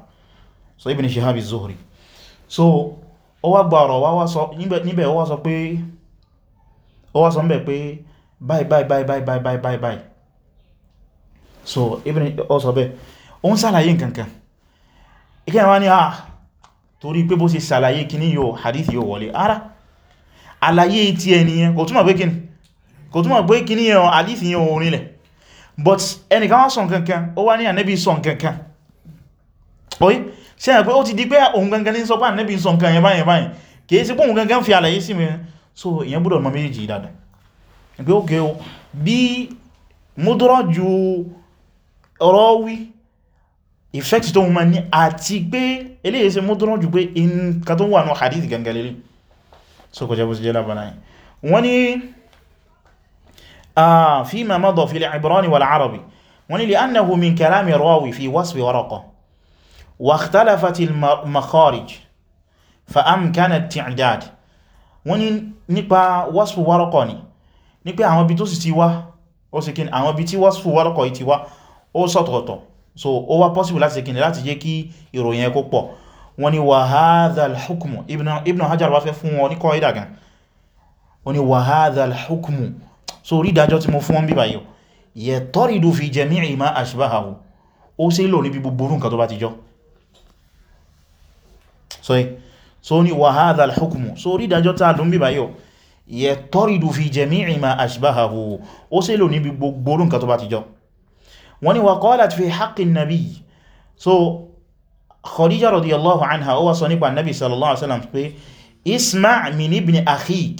so ibn shihab zuhri so ó wá gba ọ̀rọ̀ wá sọ níbẹ̀ ó wá sọ pé ó wá sọ ń bẹ̀ pé báyìí báyìí báyìí báyìí so ibn ọsọ bẹ́ o ń sàlàyé nkankan ikẹ́ wọ́n ni ah torí pé bó ṣe sàlàyé kini yo yóò hadith yóò wọlé ara àlàyé ti ẹniyàn kò túnmọ̀ pé kíni kò túnmọ̀ pé kíni yàn hadith yàn orinlẹ̀ but ẹnìkan wá sọ nkankan ó wá ní ànẹ́bí sọ nkankan oí ṣe yàn pé ó ti di pé òun gangan ní sọ pé ànẹ́bí sọ nkan yẹn báyẹn báyẹn kìí sí pé òun gangan fi àlàyé si mi so ìyẹn gbọ́dọ̀ mọ méjì dáadáa pé ó gẹ́ bí mudọ́rọ̀ ju rọ́wí effect tó mọ́ ní àti pé eléyìí ṣe mọ́dúnrán jù pé nǹkan tó wà ní hadith gangalere so kò jẹ́ bó ṣe jẹ́ lábàná yìí wọ́n ni ah, fi ma mọ́dọ̀ fi al-ibrani wal-arabi wọ́n ni li'annahu min kalami rawi fi wasfi waraqa wa ikhtalafati al-makharij fa amkana at-i'dad ti wá ó sì ti wá ó sọ̀tọ̀ọ̀tọ̀ so ó wá possible láti ṣe kìnnì láti jẹ́ kí ìròyìn ẹkó pọ̀ wọ́n ní wa hadha al-hukmu ibn hajar wá fẹ́ fún wọn ní kọ́ ìdà gan wọ́n ní wa hadha al-hukmu so rí ìdájọ́ tí mo fún wọn bí báyìí yataridu fi jami'i ma ashbahahu ó sí lò níbi gbogbo nǹkan tó bá ti ó ṣe lò gbogbo nǹkan tó bá ti jọ wọ́n ní wa qalat fi haqqi nabi so khadija radiyallahu anha ó wá sọ nípa nabi sallallahu alaihi wasallam pé isma min ibn akhik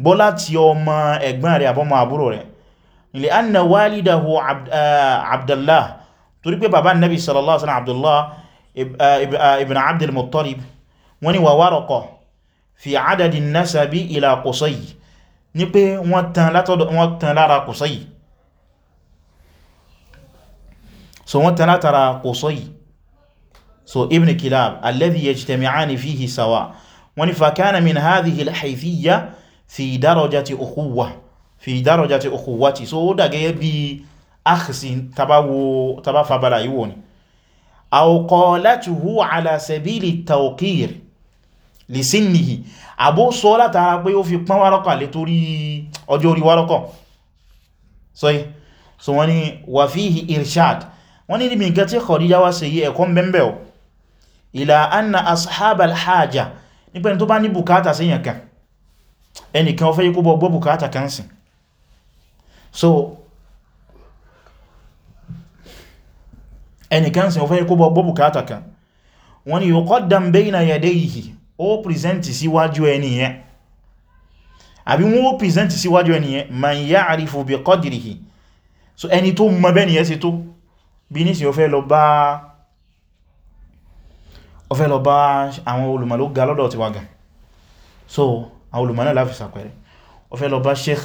gbọ́ láti ọmọ ẹ̀gbọ́n rẹ̀ àbọ́mọ àbúrò rẹ̀ li anna walidahu eh, abdullah torí pé bàbá nabi sallallahu alaihi wasallam abdullah eh, eh, ibn abdul muttalib wọ́n ní wa waraqa fi adadi nasabi ila qusay ní pé wọ́n tán lára qusay so wọ́n tẹ́lá tara Qusay so ibn Kilab alladhi yajtami'ani fihi sawa wọ́n ni fakana min hadhihi al-haythiyya fi darajati ukhuwwa fi darajati ukhuwwati so ó dà gẹ́gẹ́ bí akhsi taba fabala yíwo ni aw qalatuhu ala sabili tawqir li sinnihi àbó sọ látara pé ó fi pán wárọ́kọ̀ lè torí ọjọ́ orí wárọ́kọ̀ so wọ́n ni wà fíhì irshad wọ́n ní níbi nǹkan tí Khadija wá ṣe yí ẹ̀kọ́ mẹ́mẹ́ ọ̀ ìlà anna ashabal hajja nípa ẹni tó bá ní bùkátà sí yẹn kan ẹnìkan ó fẹ́ yíkú bọ́ kan sí so ẹnìkan sí ó fẹ́ yíkú bọ́ kan wọ́n ní yuqaddam bayna yadayhi ó pìrìsẹ́ntì síwájú ẹni yẹn àbí wọ́n ó pìrìsẹ́ntì síwájú ẹni yẹn man ya'rifu bi qadrihi so ẹni tó mọ bẹ́ni yẹn sí tó bí nísìn ó fẹ́ lọ bá ó fẹ́ lọ bá àwọn olùmọ̀ ló ga lọ́dọ̀ ti wà gan so àwọn olùmọ̀ náà láfi sàpẹrẹ ó fẹ́ lọ bá Sheikh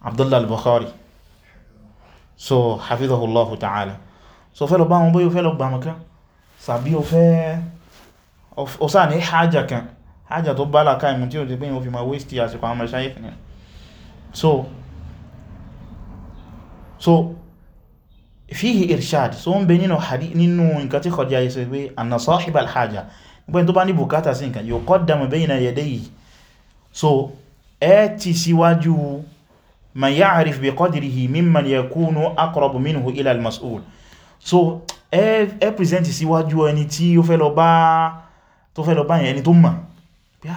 Abdullah al-Bukhari so hafizahullahu ta'ala so ó fẹ́ lọ bá wọn bóyí ó fẹ́ lọ gbàmù kan sàbí ó fẹ́ ó sáà ní hajjá kan hajjá tó bá làkà ìmú tí ó ti pín ó fi ma waste àsìkò àwọn mẹ́ṣáyé so so fíhì irshad so ń bẹ nínú nǹkan tí kọjá yẹ sọ pé anna sahib alhaja gbọ́n tó bá ní bùkátà sí nǹkan yuqaddamu bayna yadayhi so ẹ ti síwájú man ya'rif bi qadrihi mimman yakunu aqrabu minhu ila al-mas'ul so ẹ present síwájú ẹni tí ó fẹ́ lọ bá tó fẹ́ lọ bá yẹn ẹni tó mọ̀ bí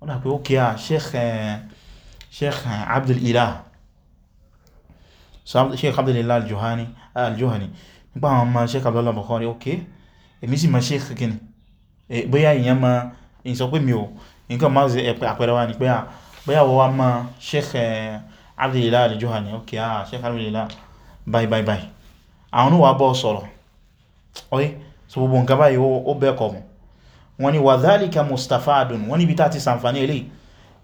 wọ́n ah, dà ó kí á sheikh eh, eh, abdul ilah sheikh abdul ilah al al-Juhani ah, nípa àwọn ọmọ Sheikh Abdullah Bukhari ok èmi sì mọ̀ Sheikh kìíní e, bóyá ìyẹn ma ń sọ pé mi ò nǹkan máa ṣe ẹ̀pẹ̀ àpẹẹrẹ wa ni pé bóyá wọ́n wá mọ̀ Sheikh Abdullah al-Juhani ok ah Sheikh Abdullah bye bye bye àwọn oníwà bọ́ sọ̀rọ̀ ọ̀yẹ́ so gbogbo nǹkan báyìí ó bẹ́ẹ̀kọ̀ mọ̀ wọ́n ni wa dhalika mustafadun wọ́n níbi tàti sàǹfàní ilé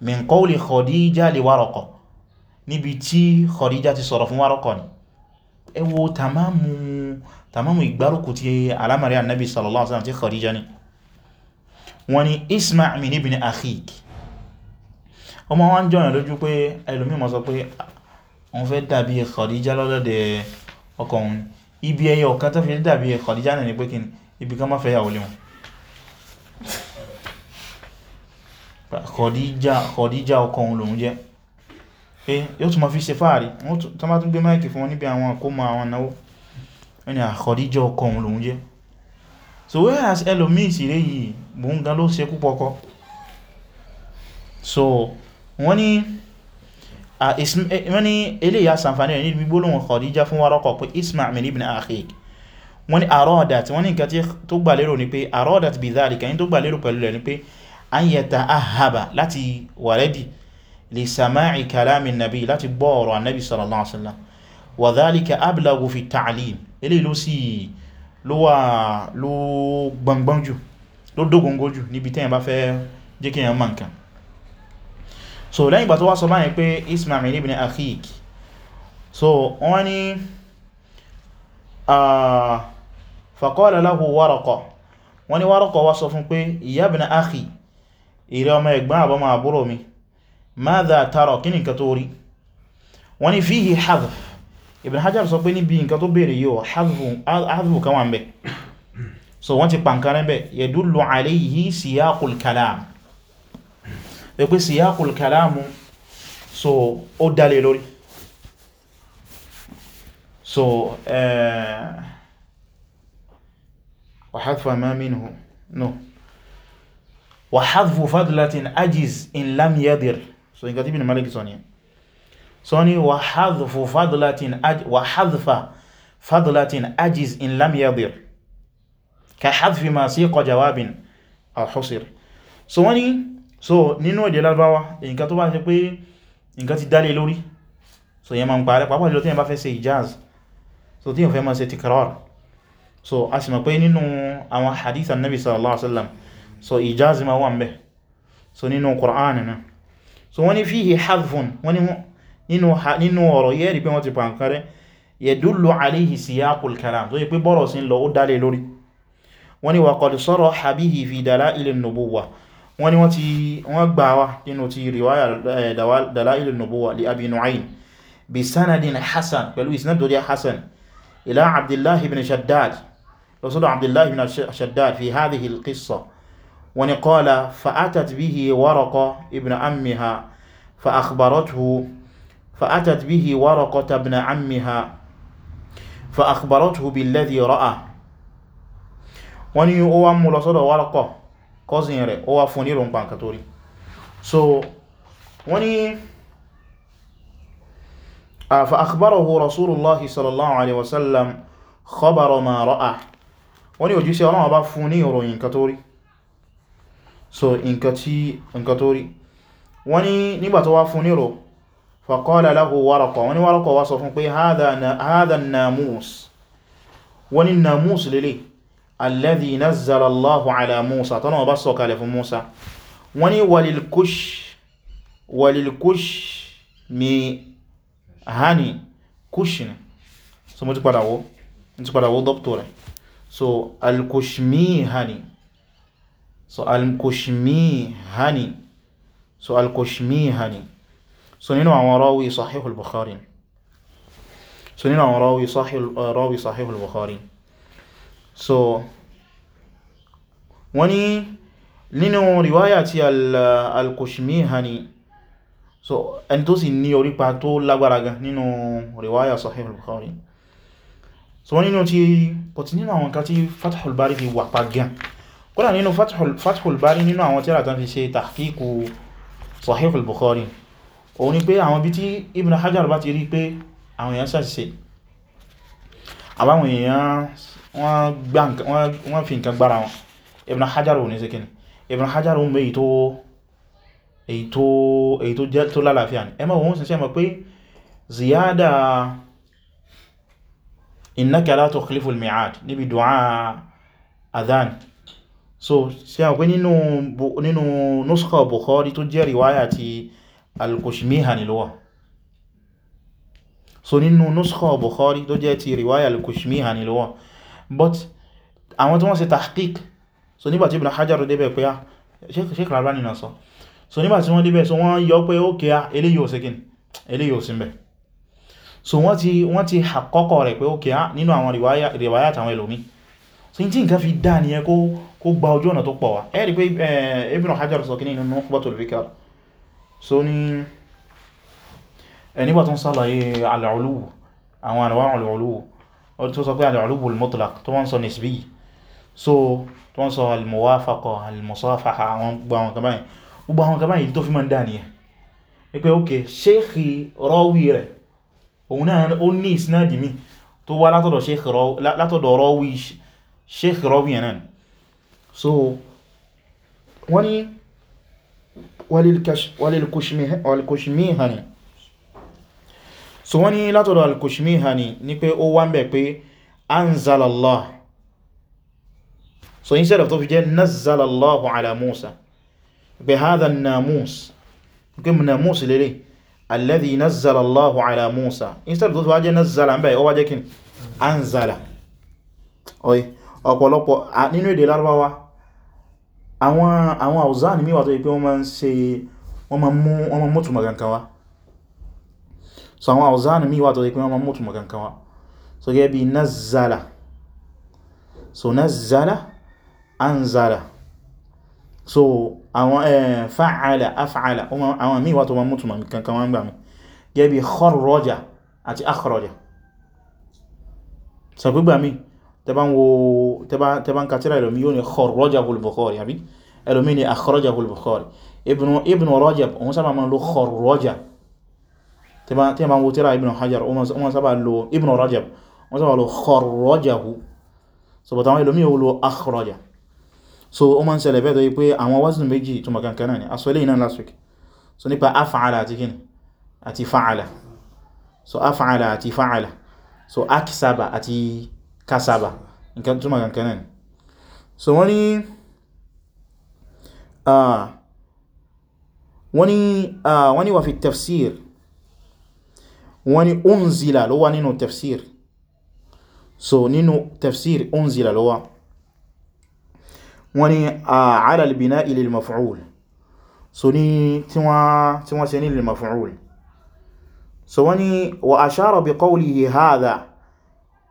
min qawli Khadija li Waraqa níbi tí Khadija ti sọ̀rọ̀ fún Waraqa ni ẹ wo tamamu tamamu ìgbárùkù ti alamari annabi sallallahu alaihi wasallam ti khadija ni wọ́n ni isma' min ibn akhik ọmọ wọn jọ́nà lójú pé ẹlòmí mọ́ sọ pé wọ́n fẹ́ dàbí khadija lọ́lọ́dẹ̀ ọkọ òun ibi ẹyẹ ọ̀kan tó fi dàbí khadija náà ni pé kí ibi kan má fẹ́ yàwó léwọn khadija khadija lòun jẹ́ pé yóò tún ma fi ṣe fáàrí tó má tún gbé máìkì fún wọn níbi àwọn àkómọ àwọn náwó ẹni àkọ̀díjọ ọkọ̀ òun lòun jẹ́ so whereas ẹlòmíì sì rẹ̀ yìí gbóhùn gan ló ṣe púpọ̀ kọ́ so wọ́n ní wọ́n ní eléyà sàǹfàní rẹ̀ níbi gbólóhùn Khadija fún Waraqah pé isma' min ibn akhik wọ́n ní aradat wọ́n ní nǹkan tó gbà lérò ni pé aradat bi dhalika ní tó gbà lérò pẹ̀lú rẹ̀ ni pé an yata'ahhaba láti wà rẹ́dì li sama'i kalami nabi láti gbọ́ ọ̀rọ̀ annabi sallallahu alaihi wasallam wa dhalika ablagu fi ta'lim ilé ló sì ló wà ló gbangban jù ló dógóngó jù níbi tẹ́yìn bá fẹ́ jẹ́ kí èyàn mọ̀ so lẹ́yìn ìgbà tó wá sọ báyìí pé ismail ibn akhik so wọ́n ni ah, faqala lahu waraqa wọ́n ni waraqa wá sọ fún pé ya ibn akhi ìrẹ́ ọmọ ẹ̀gbọ́n àbọ́mọ àbúrò mi ماذا ترى kí ni nǹkan tó rí wọ́n ní fíhì hadf Ibn Hajar sọ pé níbi nǹkan tó bèèrè yíò hadfu kan wà ń bẹ̀ so wọ́n ti pàǹkarẹ́ bẹ̀ yadullu alayhi siyaqul kalam ẹ pé siyaqul kalamu so ó dalé lórí so eh, wa hadfu ma minhu no wa hadfu fadlatin ajiz in lam yadir so nǹkan tí Ibn Malik sọ ni sọ ni wa hadhfu fadlatin wa hadhfa fadlatin ajiz in lam yadir ka hadhfi ma siqa jawabin aw husir so wani so nínú èdè Lárúbáwá nǹkan tó bá ṣe pé nǹkan ti dálé lórí so yẹn ma ń parẹ́ pàápàá jùlọ tí yẹn bá fẹ́ ṣe ijaz so tí yẹn fẹ́ ma ṣe tikrar so a sì mọ̀ pé nínú àwọn hadith annabi sallallahu alaihi wasallam so ijaz ma wà ń bẹ so nínú Qur'an so wọ́n ní fihi hadfun wọ́n ní nínú ọ̀rọ̀ yẹ́ rí pé wọ́n ti pa nǹkan rẹ̀ yadullu alayhi siyaqul kalam tó yí pé bọ́rọ̀ sí lọ ó dálé lórí wọ́n ní wa qad saraha bihi fi dalail an-nubuwa wọ́n ní wọ́n gbà wá nínú ti riwaya eh, dalail an-nubuwa li abi nu'ayn bi sanadin hasan pẹ̀lú isnad tó jẹ́ hasan ila abdullahi ibn shaddad lọ sọ́dọ̀ abdullahi ibn shaddad fi hadhihi al-qissa wọ́n ni qala fa'atat bihi waraqa ibn ammiha fa'akhbarathu fa'atat bihi waraqata ibn ammiha fa'akhbarathu billadhi ra'a wọ́n ni ó wá mú lọ sọ́dọ̀ waraqa cousin rẹ̀ ó wá fún ní rọ̀ǹpa nǹkan tó rí so wọ́n ni فأخبره رسول الله صلى الله عليه وسلم خبر ما رأى wọ́n ni òjíṣẹ́ Ọlọ́run bá fún ní so nǹkan tí nǹkan tó rí wọ́n ní nígbà tó wá fún nírò faqala lahu Waraqa wọ́n ní Waraqa wá sọ fún pé hadha namus wọ́n ní namus lélè alladhi nazzala Allahu ala Musa tọ́nà ọba sọ kalẹ̀ fún Musa wọ́n ní walilkush walilkush mi hani kushin so mo ti padà wó dọ́pùtò rẹ̀ so alkushmi hani so al-Kushmihani so al-Kushmihani so nínú àwọn rawi Sahih al-Bukhari so nínú àwọn rawi Sahih uh, rawi Sahih al-Bukhari so wọ́n ní nínú riwaya ti uh, al-Kushmihani so ẹni tó sì ní orípa tó lágbára gan nínú riwaya Sahih al-Bukhari so wọ́n nínú ti pọ̀tí nínú àwọn kan tí Fathul Bari fi wà pa gan kódà nínú Fathul Bari nínú àwọn tíra tán fi ṣe tahqiqu Sahih al-Bukhari òun ni pé àwọn bí tí Ibn Hajar bá ti rí pé àwọn èèyàn ṣàṣìṣe àbáwọn èèyàn wọ́n fi nǹkan gbára wọn Ibn Hajar ò ní sí kíni Ibn Hajar ń bẹ èyí tó jẹ́ tó lálàáfíà ní ẹmọ́ òun sì sẹ́mọ̀ pé ziyada innaka la tukhlifu al-mi'ad níbi du'a adhan so ṣe àwọn pé nínú nuskha Bukhari tó jẹ́ riwaya ti al-Kushmihani ló wà so nínú nuskha Bukhari tó jẹ́ ti riwaya al-Kushmihani ló wà but àwọn tí wọ́n ṣe tahqiq so nígbàtí Ibn Hajar débẹ̀ pé á ah, Sheikh Al-Albani náà sọ so nígbàtí wọ́n débẹ̀ so wọ́n yọ pé ókè á ah, eléyìí ò síkín eléyìí ò sí mbẹ̀ so wọ́n ti wọ́n ti àkọ́kọ́ rẹ̀ pé ókè á ah, nínú àwọn riwaya tàwọn ẹlòmíì so in tí nǹkan fi dá ní ẹ kó gba ojú ọ̀nà tó pọ̀ wá ẹ́ rí pé Ibn Hajar sọ kí ní inú Nukhbatul Fikr so ní nígbà tó ń sàlàyé al-uluw àwọn ànàwà al-uluw tó sọ pé al-uluw al-mutlaq tó wọ́n sọ nisbi so tó wọ́n sọ al-muwafaqa al òun náà ó ní ìsinájì mi tó wá látọ̀dọ̀ ṣéèkì látọ̀dọ̀ sheikh Rabi' náà so wọ́n ni walil-Kushmihani so wọ́n ni látọ̀dọ̀ al-Kushmihani ní pé ó wá ń bẹ̀ pé anzalallah so instead of tó fi jẹ́ nazzalallahu ala Musa bi hadha an-namus pé namus lélẹ̀ alladhi nazzalallahu ala Musa instead of tó fi wá jẹ́ nazzala ń bẹ̀ ó wá jẹ́ anzala oye ọ̀pọ̀lọpọ̀ nínú èdè lárúbáwá àwọn àwọn àwùzá ní míwà tó yí pé wọ́n máa ń ṣe wọ́n máa mú túnmọ̀ kankan wá so àwọn àwùzá ní míwà tó yí pé wọ́n máa mú túnmọ̀ kankan wá so gẹ́ bí nazzala so nazzala anzala so àwọn fa'ala af'ala àwọn míwà tó máa mú ń gbà gẹ́ bí kharraja àti akhraja so gbígbà míì tẹba ń kàtírà ẹlòmí yóò ní kharrajahul Bukhari àbí ẹlòmí ní akhrajahul Bukhari Ibn Rajab òun sábà máa lo kharraja tẹba ń wo tíra Ibn Hajar wọ́n sábà lo Ibn Rajab wọ́n sábà lo kharrajahu so bọ̀tàwọn ẹlòmí yóò lo akhraja so o máa ń ṣẹlẹ̀ bẹ́ẹ̀ tó yí pé àwọn wazn méjì tó makankan náà ni aṣọ ilé iná last week so nípa af'ala àti kíni fa'ala so af'ala àti fa'ala so akisaba àti kasaba nǹkan túnmà kankan náà so wọ́n ni wọ́n ni wọ́n ni wà fi tafsir wọ́n ni unzila ló wà nínú tafsir so nínú tafsir unzila ló wà wọ́n ni ala al-bina'i lil maf'ul so ní tí wọ́n ṣe ní lil maf'ul so wọ́n ni wa ashara bi qawlihi hadha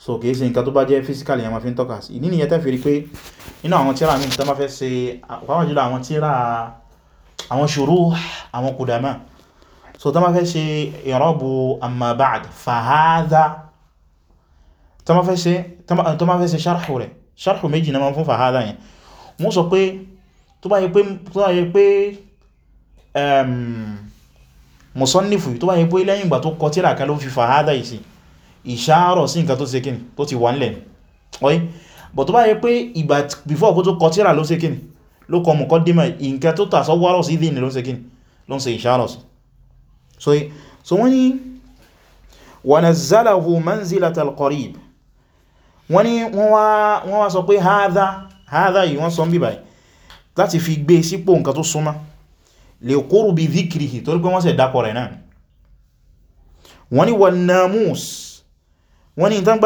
so kìí ṣe nǹkan tó bá jẹ́ physically yẹn ma fi ń tọ́ka sí ìdí nìyẹn tẹ́ fi rí pé nínú àwọn tíra mi tẹ́ bá fẹ́ ṣe pàápàá jùlọ àwọn tíra àwọn ṣòro àwọn kùdàmà so tẹ́ bá fẹ́ ṣe ìrọ́bù amma ba'd fahadha tẹ́ bá fẹ́ ṣe ṣarhu rẹ̀ ṣarhu méjì náà fún fahadha yẹn mú sọ pé tó bá yẹ pé ehm, musannifu tó bá yẹ pé lẹ́yìn ìgbà tó kọ tíra kan ló fi fahadha yìí ìṣàárọ̀ sí nǹkan tó ṣe kíni tó ti wà nílẹ̀ ọ̀yí but tó bá yẹ pé ìgbà before kó tó kọ tíra ló ṣe kíni ló kọ mọ̀kọ́ dímọ̀ nǹkan tó tàṣọ wárọ̀ sí dìní ló ṣe kíni ló ṣe ìṣàárọ̀ sí so so wọ́n ni wa nazzalahu manzilata al-qarib wọ́n ni wọ́n wá sọ pé hadha hadha yìí wọ́n sọ ń bíbáyìí láti fi gbé e sípò nǹkan tó súnmọ́ lè kóòrò bí dhikrihi torí pé wọ́n ṣe dákọ̀ rẹ̀ náà wọ́n ni wọ́n namus wọ́n ní ìtàn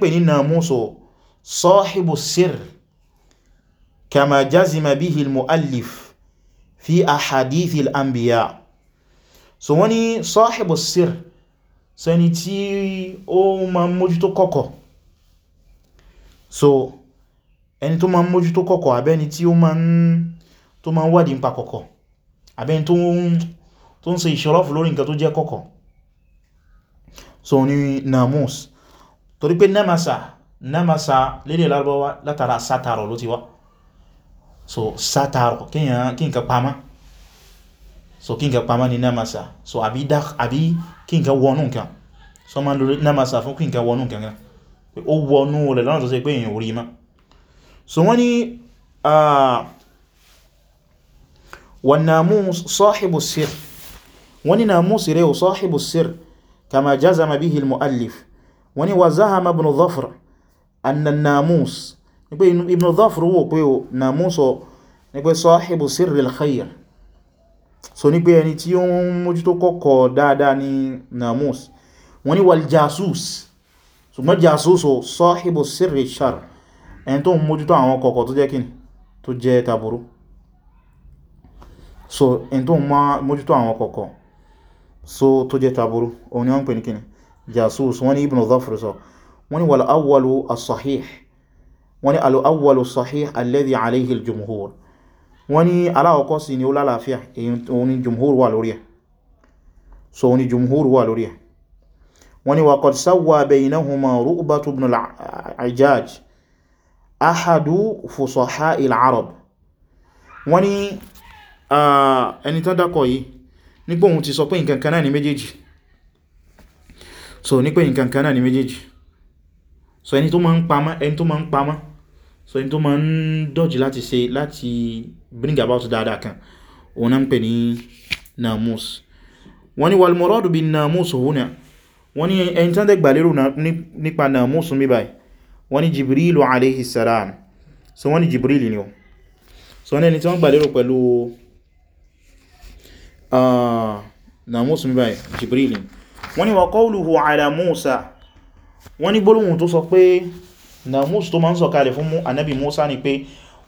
pè ní nàmúsù sọ́hìbù sír kama jazima bihi al-mu'allif fi ahadithi al-anbiya so wọ́n ní sọ́hìbù sír sẹni tí ó ma mójútó kọ̀kọ̀ so ẹni tó ma mójútó kọ̀kọ̀ abẹ́ni tí ó ma ń tó ma wádìí ń pa kọ̀kọ̀ abẹ́ni tó ń ṣe ìṣọ́rọ̀fù lórí nǹkan tó jẹ́ kọ̀kọ̀ so ní namus torí pé namasa namasa lédè lárúbáwá látara sátàrọ̀ ló ti wá so sátàrọ̀ kí n ka pamá so kí n ka pamá ní namasa so àbí kí n ka wọnú nǹkan so ma lórí namasa fún kí n ka wọnú nǹkan gan pé ó wọnú rẹ̀ lọ́nà tó ṣe pé èyàn orí ma so wọ́n ni wọn namus sahibu sir wọ́n ni namus rẹ̀ sahibu sir كما جزم به المؤلف وني وزهم ابن ظفر أن الناموس ابن ظفر هو ناموس صاحب سر الخير so ní pé ẹni tí ó ń mójútó kọ́kọ́ dáadáa ní namus wọ́n ní wal jasus ṣùgbọ́n jasus o sahibu sirri shar ẹni tó ń mójútó àwọn kọ̀kọ̀ tó jẹ́ kíni tó jẹ́ taburu so ẹni tó ń mójútó àwọn kọ̀kọ̀ so tó jẹ́ taburu òun ni wọ́n pè ní kíni jasus wọ́n ni ibn zafir sọ wọ́n ni wal awwalu as-sahih wọ́n ni al awwalu as-sahih alladhi alayhi al-jumhur wọ́n ni aláwọ̀kọ́ sí ni ó lálàáfíà òun ni jumhur wà lórí ẹ̀ so òun ni jumhur wà lórí ẹ̀ wọ́n ni wa qad sawwa baynahuma ru'batu ibn al-ajaj ahadu fusaha il arab wọ́n ni ah, ẹni tó yìí nígbò òun ti sọ pé nǹkan náà ni méjèèjì so ní pé nǹkan náà ni méjèèjì so ẹni tó ma ń pamọ́ ẹni tó ma ń pamọ́ so ẹni tó ma ń dọ́jì láti ṣe láti bring about dáadáa kan òun náà ń pè ní namus wọ́n ni wal muradu bin namus huna wọ́n ni ẹni tán dẹ̀gbà lérò nípa namus mi báyìí wọ́n ni jibrilu alayhi salam so wọ́n ni jibrilu ni o so wọ́n ni ẹni tí wọ́n gbà pẹ̀lú Ah, namus mi báyìí jibril wọ́n ní wa qawluhu ala musa wọ́n ní gbólóhùn tó sọ pé namus tó máa ń sọ̀kalẹ̀ fún anabi musa ni pé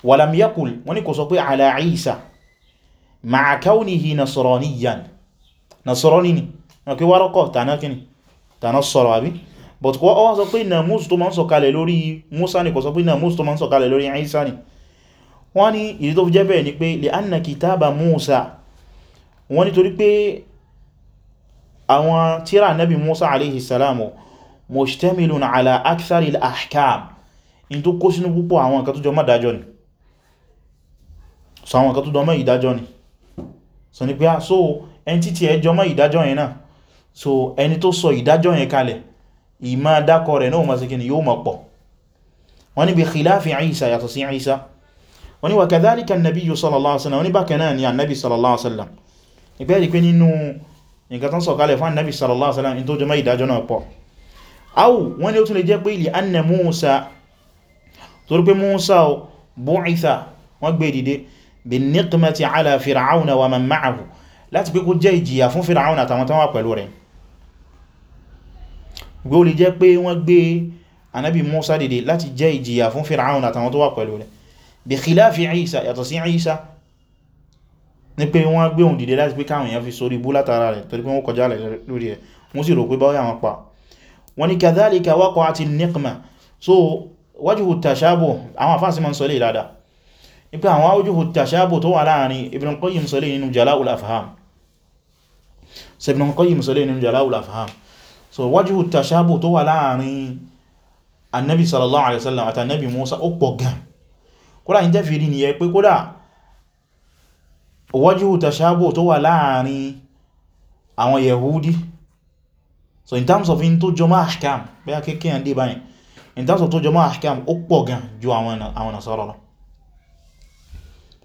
walam yakul wọ́n ní kò sọ pé ala isa ma'a kawnihi nasraniyan nasrani ni wọ́n kí wárọ́kọ̀ tànákini tàná sọ̀rọ̀ àbí but kọ́ ọwọ́ sọ pé namus tó máa ń sọ̀kalẹ̀ lórí musa ni kò sọ pé namus tó máa ń sọ̀kalẹ̀ lórí isa ni wọ́n ní ìdí fi jẹ́ bẹ́ẹ̀ ni pé li anna kitaba musa wọ́n nítorí pé àwọn tírà nabi musa alayhi salamu mujtamilun ala akthari al-ahkam in tó kó sínú púpọ̀ àwọn nǹkan tó jọ mọ́ ìdájọ́ ni so àwọn nǹkan tó jọ mọ́ ìdájọ́ ni so ni pé a ah, so ẹni títí ẹjọ mọ́ ìdájọ́ yẹn náà so ẹni tó sọ ìdájọ́ yẹn kalẹ̀ ìmá dákọ rẹ̀ náà masakin yóò mọ̀ pọ̀ wọ́n ni sallallahu alaihi wasallam ìpẹ́ẹ̀rí pé nínú nǹkan tán sọ̀kalẹ̀ fún annabi sallallahu alaihi wasallam in tó jẹmọ́ ìdájọ́ náà pọ̀ au wọ́n ni ó tún lè jẹ́ pé ilẹ̀ annà Musa torí pé Musa bu'itha wọ́n gbé e dìde bin niqmati ala fir'auna wa man ma'ahu láti pé kó jẹ́ ìjìyà fún fir'auna àtàwọn tán wà pẹ̀lú rẹ̀ gbé ó lè jẹ́ pé wọ́n gbé annabi Musa dìde láti jẹ́ àtàwọn tó wà pẹ̀lú rẹ̀ ní pé wọ́n gbé òun dìde láti pé káwọn èèyàn fi sórí ibú látara rẹ̀ torí pé wọ́n kọjá lórí ẹ̀ wọ́n sì rò pé báwọn àwọn pa wọ́n ni kadhalika waqa'ati an-niqma so wajhu tashabuh àwọn àfáàsí ma ń sọ lè dáadáa ní pé àwọn wajhu tashabuh tó wà láàrin Ibn Qayyim sọ lè nínú Jala'ul Afham so Ibn Qayyim sọ lè nínú Jala'ul Afham so wajhu tashabuh tó wà láàrin wajhu tashabuh tó wà láàrin àwọn yahudi so in terms of in tó jọmọ́ ahkam bí a kéèkéè ń dé báyìí in terms of tó jọmọ́ ahkam ó pọ̀ gan ju àwọn nasara lọ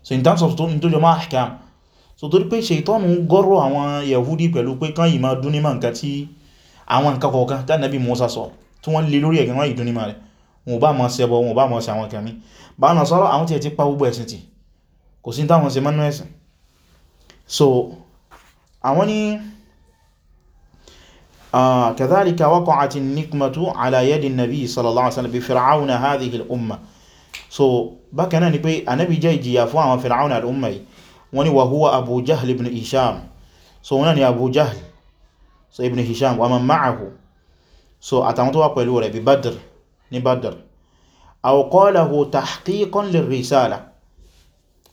so in terms of tó in tó jọmọ́ ahkam so torí pé ṣètọ́nù gọ́rọ̀ àwọn yahudi pẹ̀lú pé kán yìí máa dún ní nǹkan tí àwọn nǹkan kọ̀ọ̀kan tí Ànábì Mùsá sọ tí wọ́n lè lórí ẹ̀gẹ̀rán ìdún ní máa rẹ̀ wọn bá mọ́ sí ẹbọ wọn bá mọ́ sí àwọn kẹmí bá nasara àwọn tí ẹ̀ ti pa gbogbo ẹ̀sìn tì kò sí táwọn ṣe mọ́nú ẹ̀sìn so àwọn ni كذلك وقعت النقمة على يد النبي صلى الله عليه وسلم بفرعون هذه الأمة so bákan náà ni pé anábi jẹ́ ìjìyà fún àwọn Fir'aun al'umma yìí wọ́n ni wa Abu Jahl ibn Hisham so wọ́n ni Abu Jahl so ibn Hisham wa man ma'ahu so àtàwọn tó wà pẹ̀lú rẹ̀ bí Badr ní Badr aw qalahu tahqiqan lirrisala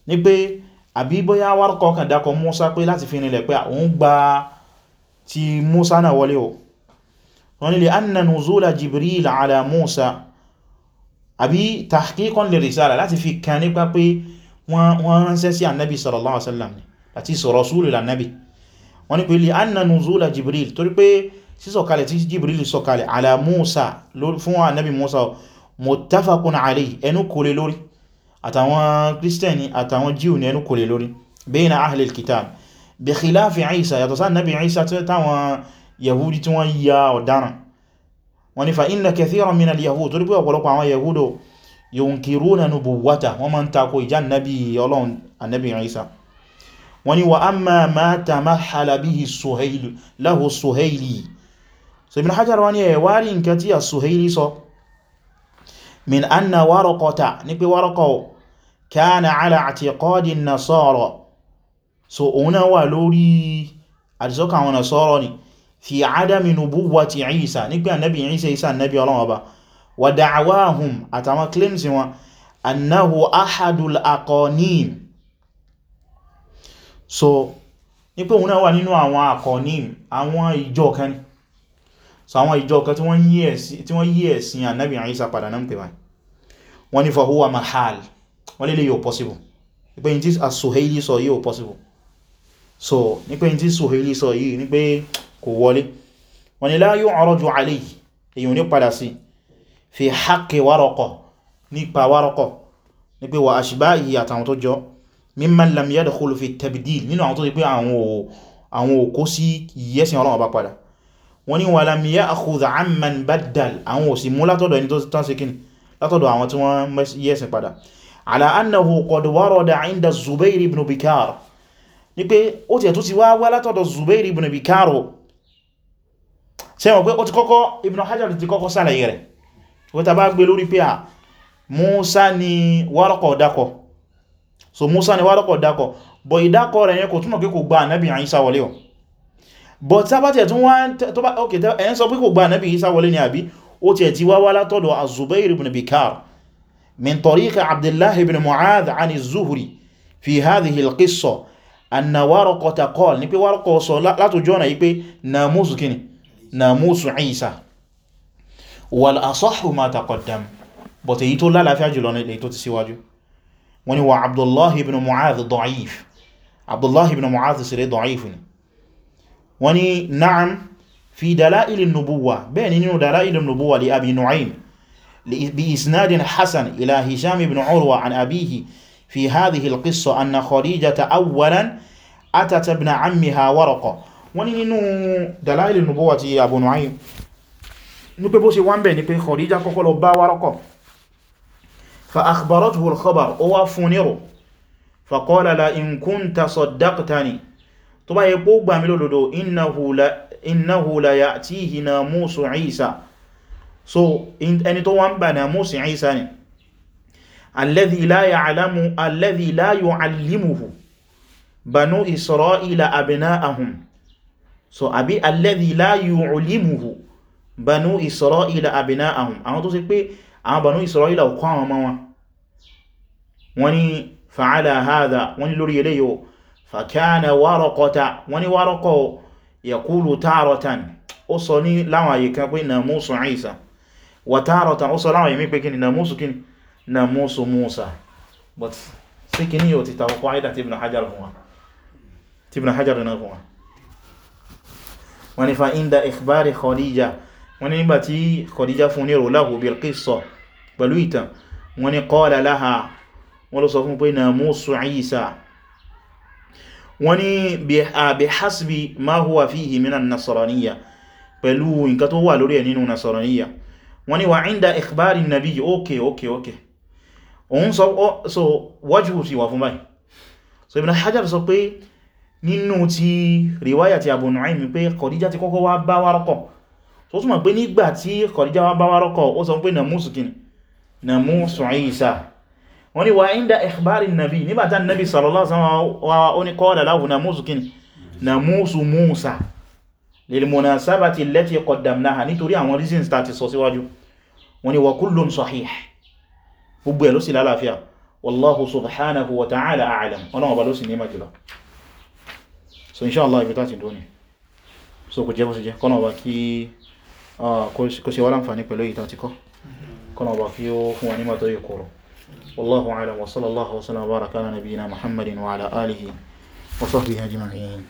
ni pé àbí bóyá Warqa kàn dákọ Musa pé láti fi rinlẹ̀ pé òun gba ti Musa náà wọlé o wọ́n ni li'anna nuzula Jibril ala Musa àbí tahqiqan li risala láti fi kan nípa pé wọ́n ránṣẹ́ sí annabi sallallahu alaihi wasallam àti rasulu lannabi wọ́n ni pé li'anna nuzula Jibril torí pé sísọ̀kalẹ̀ tí àtàwọn kírísítẹ̀ni àtàwọn jíù ní ẹnu kò lè lórí bayna ahlil kitab bi khilafi Isa yàtọ̀ sáà nabi Isa táwọn yahudi tí wọ́n ya ọ̀daràn wọ́n ní fa inna kathiran minal yahud torí pé ọ̀pọ̀lọpọ̀ àwọn yahudo yunkiruna nubuwata wọ́n ma ń takò ìjá nabi ọlọ́run annabi min anna waraqata ní pé waraqo kana ala i'tiqadi nasara so òun náà wà lórí àdìsọ́kà àwọn nasara ni fi adami nubuwati Isa nígbà annabi Isa Isa annabi Ọlọ́run ọba wa da'awahum àtàwọn claims wọn annahu ahadul aqanim so ní pé òun náà wà nínú àwọn aqanim àwọn ìjọ kan ni so àwọn ìjọ kan tí wọ́n yí ẹ̀sìn annabi Isa padà náà pè ni fahuwa mahal wọ́n lè lè yóò possible nípe yìí tí as-Suhaili sọ yìí ò possible so nípe yìí tí Suhaili sọ yìí ní pé kò wọlé wọ́n ni la yu'raju alayhi èyí ní padà sí fi haqqi Waraqa nípa Waraqa ní pé wa ashbahi àtàwọn tó jọ mimman lam yadkhulu fi tabdil nínú àwọn tó ti pé àwọn òkó sí ìyẹ́sìn ọlọ́wọ́ bá padà wọ́n ni wa lam ya'khudh amman baddal àwọn òsì mú látọ̀dọ̀ ẹni tó tán sí kíni látọ̀dọ̀ àwọn tí wọ́n yẹ́sìn padà على annahu قد ورد عند الزبير بن بكار. ní pé ó ti ẹ̀ tó ti wá wá látọ̀dọ̀ zubair ibn bikar o ṣe wọ́n pé ó ti kọ́kọ́ ibn hajjar ti kọ́kọ́ sàlàyé rẹ̀ wọ́n ta bá gbé lórí pé à musa ni wárọ́kọ̀ dákọ̀ so musa ni wárọ́kọ̀ dákọ̀ bọ̀ ìdákọ̀ rẹ̀ yẹn kò túnmọ̀ pé kò gba ànábì Ìsá wọlé o bọ̀ tábátẹ̀ tún wọ́n tó bá ok ẹ̀yẹn sọ pé kò gba ànábì Ìsá wọlé ni àbí ó ti ẹ̀ ti wá wá látọ̀dọ̀ az ibn Bikar من طريق عبد الله بن معاذ عن الزهري في هذه القصة أن ورقة قال نبي ورقة صلاة لا تجونا يبي ناموس كني ناموس عيسى والأصح ما تقدم بطيئتو لا لا في عجلون ليتو تسواجو وني وعبد الله بن معاذ ضعيف عبد الله بن معاذ سري ضعيف وني نعم في دلائل النبوة بين دلائل النبوة لأبي نعيم بإسناد حسن إلى هشام بن عروة عن أبيه في هذه القصة أن خديجة أولا أتت ابن عمها ورقة wọ́n ní nínú dalaili nubuwa ti Abu Nu'aym ní pé bó ṣe wọ́n bẹ̀ ní pé Khadija kọ́kọ́ lọ bá Waraqa fa akhbarathu al-khabar ó wá fún nírò fa qala la in kunta saddaqtani tó bá yẹ pó gbàmí lódodo innahu la ya'tihi namusu Isa so ẹni tó wọ́n bà náà Musa Isa ni alladhi la ya'lamu alladhi la yu'allimuhu banu Isra'ila so àbí alladhi la yu'allimuhu banu Isra'ila abna'ahum àwọn tó ṣe pé àwọn banu Isra'ila ò kọ́ àwọn ọmọ wọn wọ́n ní fa'ala hadha wọ́n ní lórí eléyò fàkánà wàtàrọ̀tàn ó sọ láwọn èmì pé kíni nàmúsù kíni nàmúsù Musa but sí kíní yóò ti tàbùkọ́ àìdà tí Ibn Hajar fún wa tí Ibn Hajar náà fún wa wọ́n ni fa inda ikhbari Khadija wọ́n nígbà tí Khadija fún ní rolahu bil qissa pẹ̀lú ìtàn wọ́n ni qala wọ́n lọ sọ fún pé nàmúsù Isa wọ́n bi hasbi ma huwa fihi minan nasraniyya pẹ̀lú nǹkan tó wà lórí ẹ̀ nínú nasraniyya wọ́n ni wà inda ikhbari nabi okay okay okay òun sọ so wajhu sí wà fún báyìí so Ibn Hajar sọ pé nínú ti riwaya ti Abu Nu'aym pé Khadija ti kọ́kọ́ wá bá Warqa so túnmọ̀ pé nígbà tí Khadija wá bá Warqa ó sọ pé namusu kini namusu Isa wọ́n ni wà inda ikhbari nabi nígbàtà nabi sallallahu alaihi wasallam wa ó ní qala lilmunasabati allati qaddamnaha nítorí àwọn reasons tá ti sọ síwájú wọ́n ní wa kullun sahih gbogbo ẹ̀ ló sì lálàáfíà wallahu subhanahu wa ta'ala ọlọ́wọ́ ló sì ní jùlọ so inshallah ibi tàti dóní so kò jẹ́ bó sì jẹ́ kọ́nà ọba kí kò sí wọ́n láǹfàní pẹ̀lú ìta ti kọ́ kọ́nà ọba kí ó fún wa nímọ̀ tó yẹ